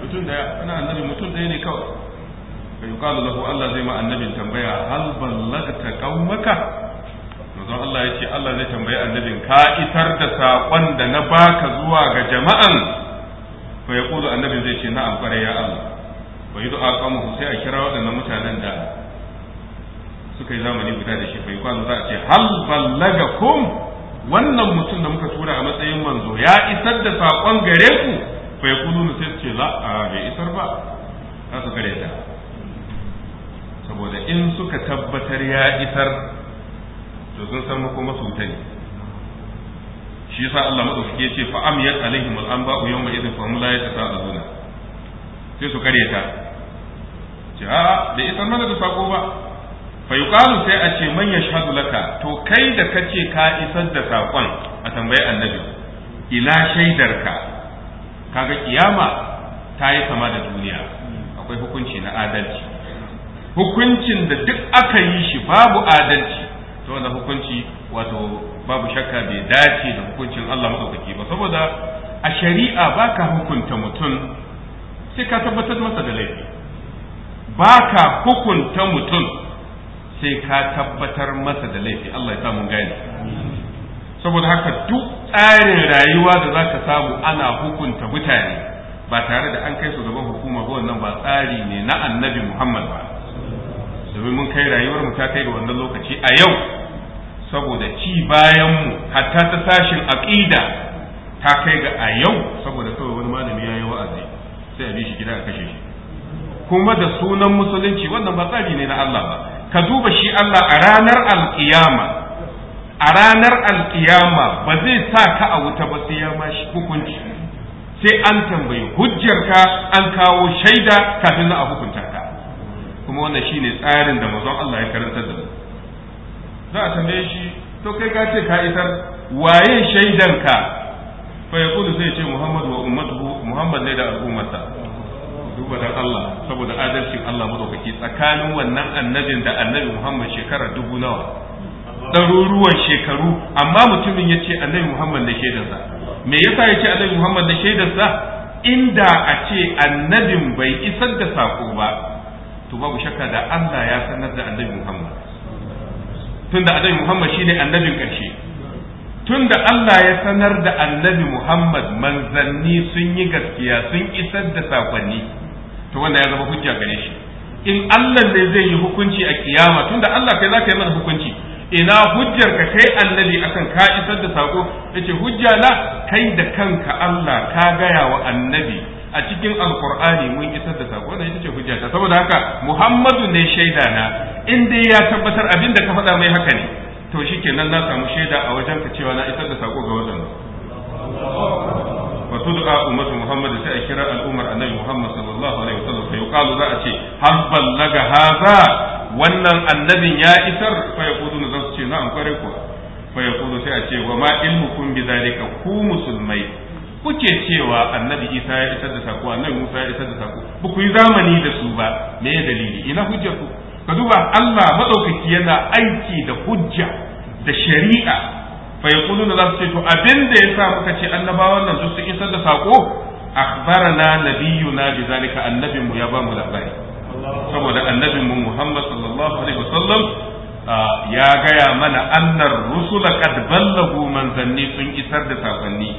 mutum da ana annabi mutum ɗaya ne kawai fa yuqalu lahu Allah zai ma annabin tambaya hal ballagta qaumaka manzon Allah yace Allah zai tambaya annabin ka isar da sakon da na baka zuwa ga jama'an fa yaqulu annabin zai ce na'am kware ya Allah fa yudu aqamu sai a kira waɗannan mutanen da suka yi zamani guda da shi bai kwano za a ce hal ballagakum wannan mutum da muka tura a matsayin manzo ya isar da saƙon gare ku bai kulu sai su ce za a bai isar ba za su gare ta saboda in suka tabbatar ya isar to sun san muku su wuta ne shi yasa Allah madaukake ya ce fa amiyat alaihim al-anba'u yawma idin fa hum la yatasaaluna sai su kare ta ce a bai isar mana da sako ba fa yuqalu sai a ce man yashhadu laka to kai da kace ka isar da sakon a tambayi annabi ila shaidarka kaga kiyama ta yi kama da duniya akwai hukunci na adalci hukuncin da duk aka yi shi babu adalci to wannan hukunci wato babu shakka bai dace da hukuncin Allah madaukaki ba saboda a shari'a baka hukunta mutum sai ka tabbatar masa da laifi baka hukunta mutum sai ka tabbatar masa da laifi Allah ya samu gani saboda haka duk tsarin rayuwa da za ka samu ana hukunta mutane ba tare da an kai su gaban hukuma ba wannan ba tsari ne na annabi Muhammad ba domin mun kai rayuwar mu ta kai ga wannan lokaci a yau saboda ci bayan mu hatta ta sashin aqida ta kai ga a yau saboda kawai wani malami ya yi wa'azi sai a bi shi gida a kashe shi kuma da sunan musulunci wannan ba tsari ne na Allah ba ka duba shi Allah a ranar alkiyama a ranar alkiyama ba zai sa ka a wuta ba sai ya mashi hukunci sai an tambayi hujjarka an kawo shaida kafin za a hukunta ka kuma wannan shine tsarin da manzon Allah ya karantar da mu za a tambaye shi to kai ka ce ka isar waye shaidanka fa yaqulu sai ce Muhammad wa ummatuhu Muhammad ne da al'ummarsa duba Allah saboda adalcin Allah madaukaki tsakanin wannan annabin da annabi Muhammad shekara dubu nawa ɗaruruwan shekaru amma mutumin ya ce annabi Muhammad da shaidarsa me yasa ya ce annabi Muhammad da shaidarsa inda a ce annabin bai isar da sako ba to babu shakka da Allah ya sanar da annabi Muhammad tunda annabi Muhammad shine annabin ƙarshe tunda Allah ya sanar da annabi Muhammad manzanni sun yi gaskiya sun isar da sakonni to wanda ya zama hujja gare shi in Allah ne zai yi hukunci a kiyama tunda Allah kai zaka yi mana hukunci ina hujjar ka kai annabi akan ka isar da sako yace hujja la kai da kanka Allah ka gaya wa annabi a cikin alkur'ani mun isar da sako wannan ita hujja ta saboda haka Muhammadu ne shaida na in dai ya tabbatar abinda ka faɗa mai haka ne to shikenan na samu shaida a wajen ka cewa na isar da sako ga wannan فتدعى أمة محمد سأكرا الأمر النبي محمد صلى الله عليه وسلم فيقال ذا هل بلغ هذا wannan annabin ya isar فيقول ya za su ce na'am kware kuwa fa ya sai a ce wa ma ilmukum bi zalika ku musulmai kuke cewa annabi Isa ya isar da sako annabi Musa ya isar da sako ba ku yi zamani da su ba me dalili ina hujjar ka duba Allah madaukaki yana aiki da hujja da shari'a fa da za su ce to abinda sa muka ce annabawan nan su isar da sako akhbarana nabiyuna bizalika annabin mu ya ba mu labari saboda annabin mu Muhammad sallallahu alaihi wasallam ya gaya mana annar rusula qad ballagu manzanni sun isar da sakonni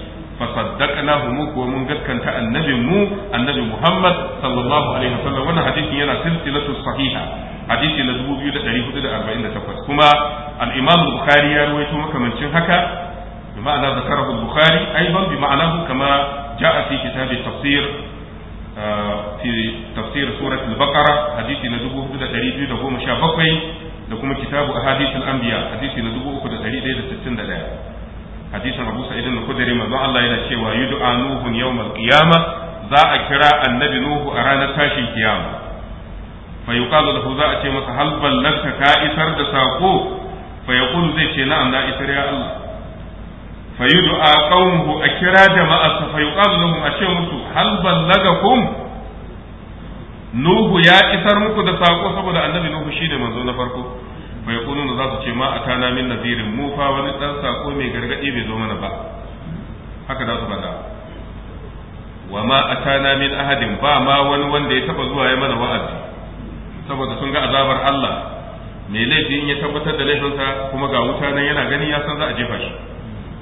fa saddaqnahu mu ko mun gaskanta annabin mu annabi Muhammad sallallahu alaihi wasallam wannan hadisin yana silsilatu sahiha hadisi na 2448 kuma al-Imam Bukhari ya rawaito makamancin haka bi ma'ana zakarahu Bukhari aidan bi ma'anahu kama ja'a fi kitab tafsir ah, fi tafsir surat al-Baqara hadisi na 4217 da kuma kitabu ahadith al-anbiya hadisi na 3161 hadisin Abu Sa'id al-Khudri manzo Allah yana cewa yud'a nuhun yawm al-qiyamah za a kira annabi nuhu a ranar tashin kiyama fa yuqalu lahu za a ce masa hal ballagta ka isar da sako fa yaqulu zai ce na'am na isar ya Allah fa yud'a qaumuhu a kira jama'a fa yuqalu lahum a ce musu hal ballagakum nuhu ya isar muku da sako saboda annabi nuhu shi da manzo na farko fa nuna za su ce ma atana min nadirin mu fa wani dan sako mai gargadi bai zo mana ba haka za su bada wa ma atana min ahadin ba ma wani wanda ya taba zuwa ya mana wa'azi saboda sun ga azabar Allah mai laifi in ya tabbatar da laifinsa kuma ga wuta nan yana gani ya san za a jefa shi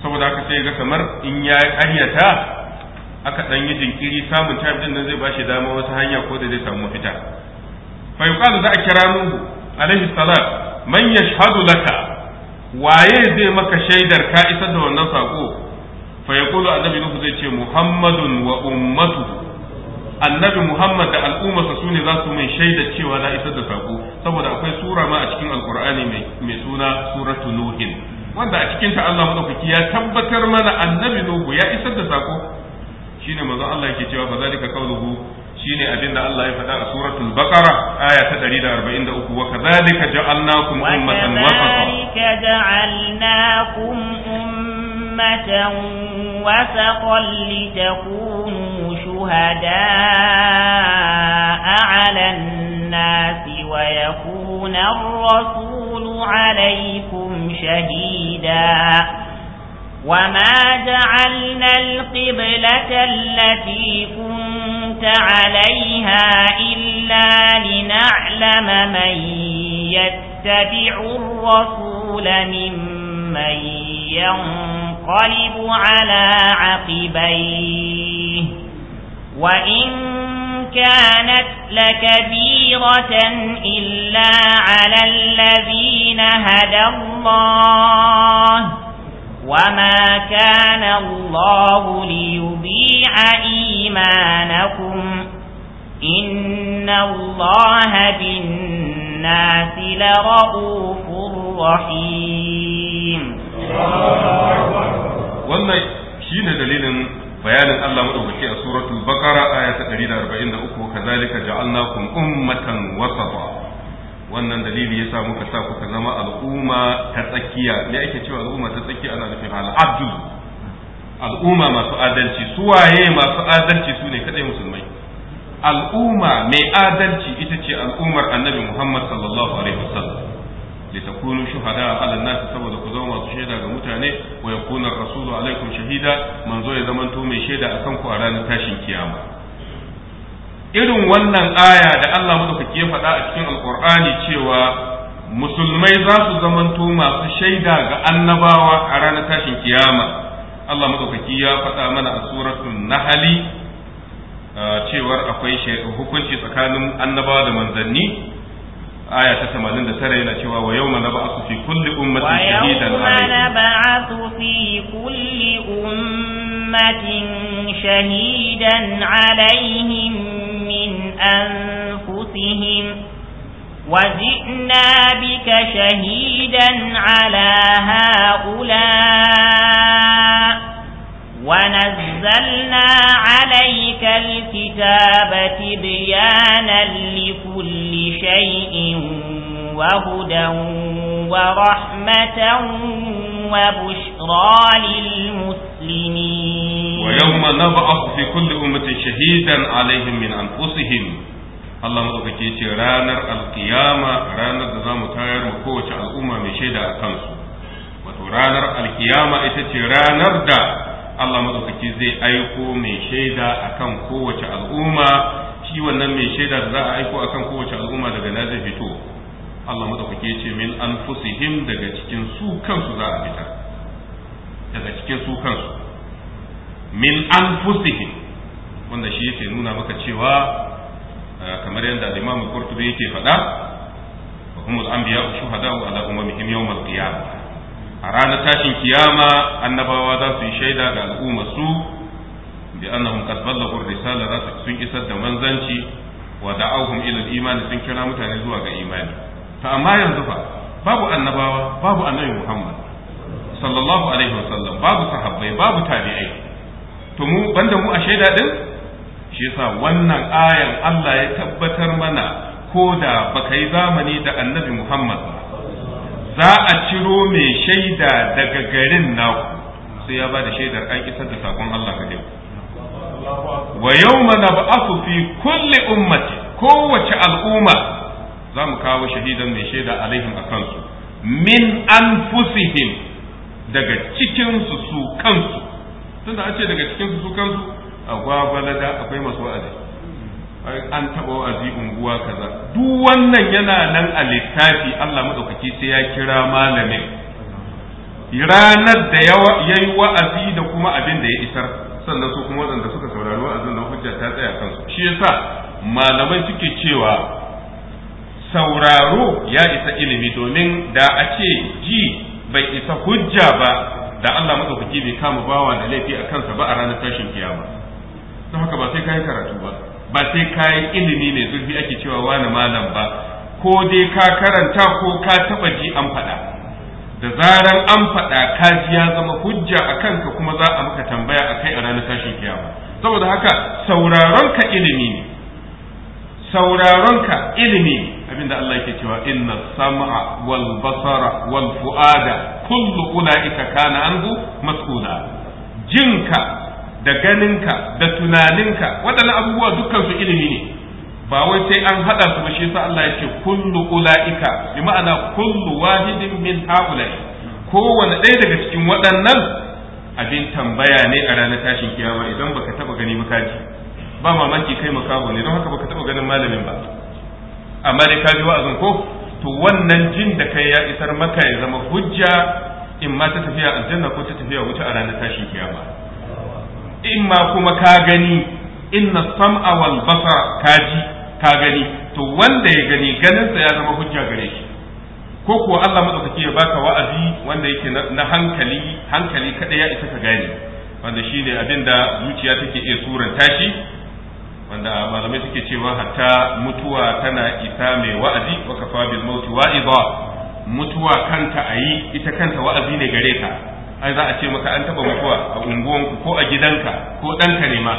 saboda haka sai ga kamar in ya ƙaryata aka dan yi jinkiri samun time din nan zai shi dama wata hanya ko da zai samu mafita fa yuqalu za a kira nuhu alaihi salam man yashhadu laka waye zai maka shaidar ka isar da wannan sako fa yaqulu annabi nuhu zai ce muhammadun wa ummatuhu annabi Muhammad da al'ummarsa su ne za su mai shaida cewa na isar da sako saboda akwai sura ma a cikin alkur'ani mai suna suratu nuhin wanda a cikin ta Allah madaukaki ya tabbatar mana annabi nuhu ya isar da sako shine manzon Allah yake cewa fa zalika qawluhu shine abin da Allah ya faɗa a suratul baqara aya ta 143 wa kadhalika ja'alnakum ummatan wasata wa kadhalika ja'alnakum ummatan وفقا لتكونوا شهداء على الناس ويكون الرسول عليكم شهيدا وما جعلنا القبلة التي كنت عليها إلا لنعلم من يتبع الرسول ممن ينظر تنقلب على عقبيه وإن كانت لكبيرة إلا على الذين هدى الله وما كان الله ليضيع إيمانكم إن الله بالناس لرؤوف رحيم wannan shi ne dalilin bayanin Allah madaukaki a suratul bakara aya ta 143 kazalika ja'alnakum ummatan wasata wannan dalili yasa muka sa kuka zama al'umma ta tsakiya me ake cewa al'umma ta tsakiya ana nufin Abdu al'umma masu adalci su waye masu adalci su ne kadai musulmai al'umma mai adalci ita ce al'ummar annabi Muhammad sallallahu alaihi wasallam litakunu shuhada ala nasi saboda ku zama masu shaida ga mutane wa yakuna rasulu alaikum shahida manzo ya zamanto mai shaida akan ku a ranar tashin kiyama irin wannan aya da Allah madaukaki ya faɗa a cikin alqur'ani cewa musulmai za su to masu shaida ga annabawa a ranar tashin kiyama Allah madaukaki ya faɗa mana a suratul Nahali cewar akwai hukunci tsakanin annabawa da manzanni aya ta 89 yana cewa wa yawma nab'athu fi kulli ummatin shahidan wa yawma nab'athu fi kulli ummatin shahidan alaihim min وجئنا بك شهيدا على هؤلاء ونزلنا عليك الكتاب بيانا لكل شيء وهدى ورحمة وبشرى للمسلمين ويوم نبعث في كل أمة شهيدا عليهم من أنفسهم Allah maɗaukaki ce ranar alkiyama ranar da za mu tayar mu kowace al'umma mai shaida a wato ranar alkiyama ita ce ranar da Allah madaukaki zai aiko mai shaida a kan kowace al'umma shi wannan mai shaida da za a aiko kan kowace al'umma daga na zai fito Allah madaukaki ce min an fusihim daga cikin su kansu za a fita daga cikin su kansu min an fusihim wanda shi yake nuna maka cewa eh, kamar yadda al kurtubi yake faɗa wa humul anbiya'u shuhada'u ala umamihim yawm al-qiyamah a ranar tashin kiyama annabawa za su yi shaida ga al'umma su bi annahum qad ballagu risala za sun isar da manzanci wa da'awhum ila al-iman sun kira mutane zuwa ga imani to amma yanzu fa babu annabawa babu annabi Muhammad sallallahu alaihi wa sallam, babu sahabbai babu tabi'ai to mu banda mu a shaida din shi yasa wannan ayan Allah ya tabbatar mana ko da baka yi zamani da annabi Muhammad ba za a ciro mai shaida daga garin naku sai ya ba da shaidar an isar da sakon Allah ga yau wa ba nab'athu fi kulle ummati kowace al'umma za mu kawo shahidan mai shaida alaihim a kansu min anfusihim daga cikinsu su kansu tunda a ce daga cikin su su kansu gwagwalada akwai masu wa'azi an taɓa wa'azi unguwa kaza duk wannan yana nan a littafi Allah maɗaukaki sai ya kira malamin ranar da ya yi wa'azi da kuma abin da ya isar sannan su kuma waɗanda suka saurari wa'azin da hujja ta tsaya kansu shi yasa malamai suke cewa sauraro ya isa ilimi domin da a ce ji bai isa hujja ba da Allah maɗaukaki bai kama bawa da laifi a kansa ba a ranar tashin kiyama don haka ba sai ka yi karatu ba ba sai ka yi ilimi mai zurfi ake cewa wani malam ba ko dai ka karanta ko ka taba ji an faɗa da zaran an faɗa ka ji ya zama hujja a kanka kuma za a maka tambaya a kai a ranar tashin kiyama saboda haka sauraron ka ilimi ne sauraron ka ilimi abinda Allah yake cewa inna sam'a wal basara wal fu'ada kullu ulaika kana anhu mas'ula jinka da ganinka da tunaninka waɗannan abubuwa dukkan su ilimi ne ba wai sai an haɗa su ba shi yasa Allah yake kullu ulaika bi ma'ana kullu wahidin min haula'i Kowanne ɗaya daga cikin waɗannan abin tambaya ne a ranar tashin kiyama idan baka taba gani ba kaji ba mamaki kai makabo ne don haka baka taba ganin malamin ba amma dai ka ji wa'azin ko to wannan jin da kai ya isar maka ya zama hujja in ma ta tafiya aljanna ko ta tafiya wuta a ranar tashin kiyama in ma kuma ka gani inna sam'a wal basara ka ji ka gani to wanda ya gani ganinsa ya zama hujja gare shi ko kuwa Allah madaukaki ya baka wa'azi wanda yake na hankali hankali kada ya isa ka gani. wanda shine abin da zuciya take iya suranta tashi, wanda malamai suke cewa hatta mutuwa tana isa mai wa'azi wa kafa bil mautu wa'iza mutuwa kanta ayi ita kanta wa'azi ne gare ta ai za a ce maka an taba mutuwa a unguwanku ko a gidanka ko ɗanka ne ma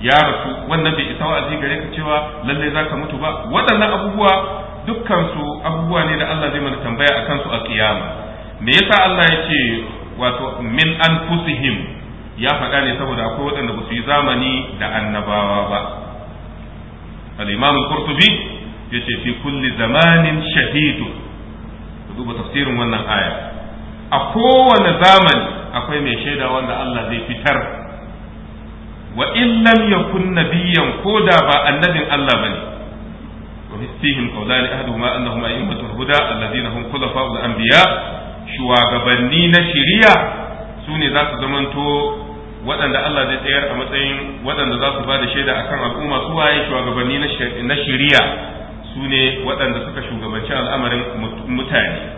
ya rasu wannan bai isa wa'azi gare ka cewa lalle za ka mutu ba waɗannan abubuwa dukkan su abubuwa ne da Allah zai mana tambaya akan su a kiyama me yasa Allah ya ce wato min anfusihim ya faɗa ne saboda akwai waɗanda ba su yi zamani da annabawa ba al-imam al-qurtubi yace fi kulli zamanin shahidu duba tafsirin wannan aya a kowane zamani akwai mai shaida wanda Allah zai fitar wa in lam yakun nabiyyan ko da ba annabin Allah bane wa fihim qawlan ma annahum a'immatul huda alladhina hum khulafa'ul anbiya shuwagabanni na shari'a sune za su zamanto waɗanda Allah zai tsayar a matsayin waɗanda za su ba da shaida akan al'umma su waye shugabanni na shari'a su ne waɗanda suka shugabanci al'amarin mutane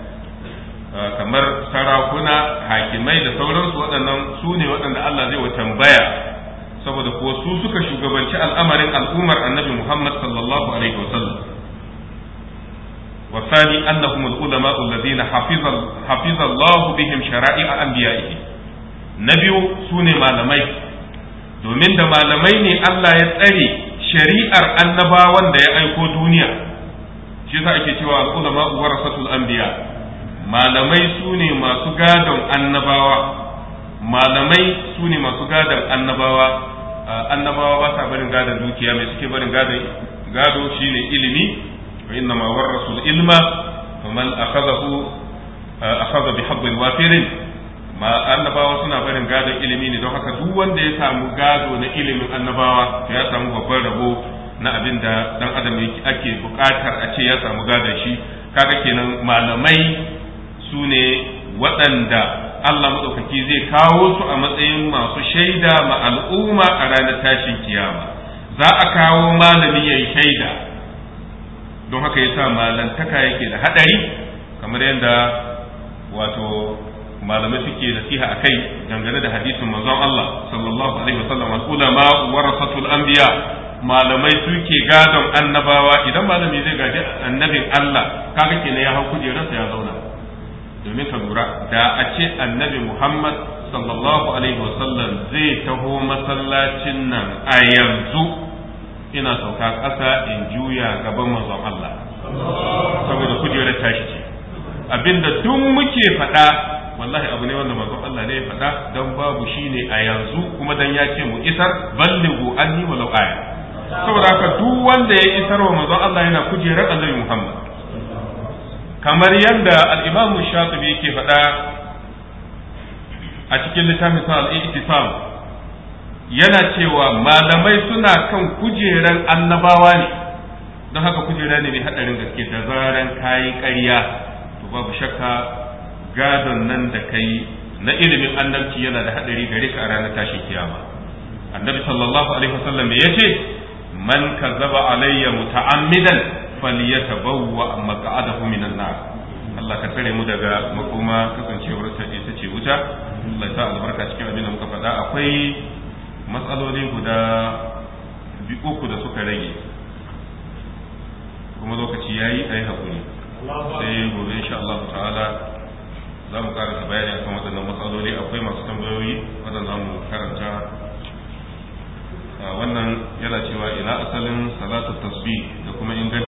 Eh, kamar sarakuna hakimai da sauransu waɗannan su ne waɗanda Allah zai wa tambaya saboda kuwa su suka shugabanci al'amarin al'ummar annabi Muhammad sallallahu alaihi wa wasallam wasani annahum al-ulama alladhina hafiza Allah bihim shara'i'a anbiya'ihi na biyu su ne malamai domin da malamai ne Allah ya tsare shari'ar annabawan da ya aiko duniya shi yasa ake cewa al-ulama warasatul anbiya' malamai su ne masu gadon annabawa malamai su ne masu gadon annabawa annabawa ba sa barin gadon dukiya mai suke barin gadon gado ne ilimi wa inna ma warasul ilma man akhadahu akhadha bi hadd wafirin ma annabawa suna barin gadon ilimi ne don haka duk wanda ya samu gado na ilimin annabawa to ya samu babban rabo na abin da dan adam ake bukatar a ce ya samu gadon shi kaga kenan malamai su ne waɗanda Allah maɗaukaki zai kawo su a matsayin masu shaida ma al'umma a ranar tashin kiyama za a kawo malami ya yi shaida don haka yasa malantaka yake da haɗari kamar yadda wato malamai suke nasiha a kai dangane da hadisin manzon Allah sallallahu alaihi wasallam al-ulama warasatul anbiya malamai suke gadon annabawa idan malami zai gaji annabin Allah kaga kenan ya hau kujerarsa ya zauna domin ka lura da a ce annabi Muhammad sallallahu alaihi wasallam zai taho masallacin nan a yanzu ina sauka ƙasa in juya gaban mazan Allah saboda kujerar tashi ce abinda duk muke faɗa wallahi abu ne wanda mazan Allah ne ya faɗa dan babu shi ne a yanzu kuma dan ya ce mu isar ballighu anni walau aya saboda haka duk wanda ya isar wa mazan Allah yana kujerar annabi Muhammad kamar yadda al-imamu shatibi yake faɗa a cikin littafin sa al yana cewa malamai suna kan kujeran annabawa ne don haka kujera ne mai hadarin gaske da zaran kayi ƙarya to babu shakka gadon nan da kai na ilimin annabci yana da hadari gare ka a ranar tashi kiyama annabi sallallahu alaihi wasallam ya ce man kazzaba alayya muta'ammidan falyatabawwa maq'adahu minan nar Allah ka tare mu daga makoma kasancewar ta ita ce wuta Allah ya sa albarka cikin abin da muka faɗa akwai matsaloli guda uku da suka rage kuma lokaci yayi ayi hakuri sai gobe insha Allah ta'ala za mu karanta bayani akan waɗannan matsaloli akwai masu tambayoyi wannan za mu karanta wannan yana cewa ina asalin salatu tasbih da kuma inganta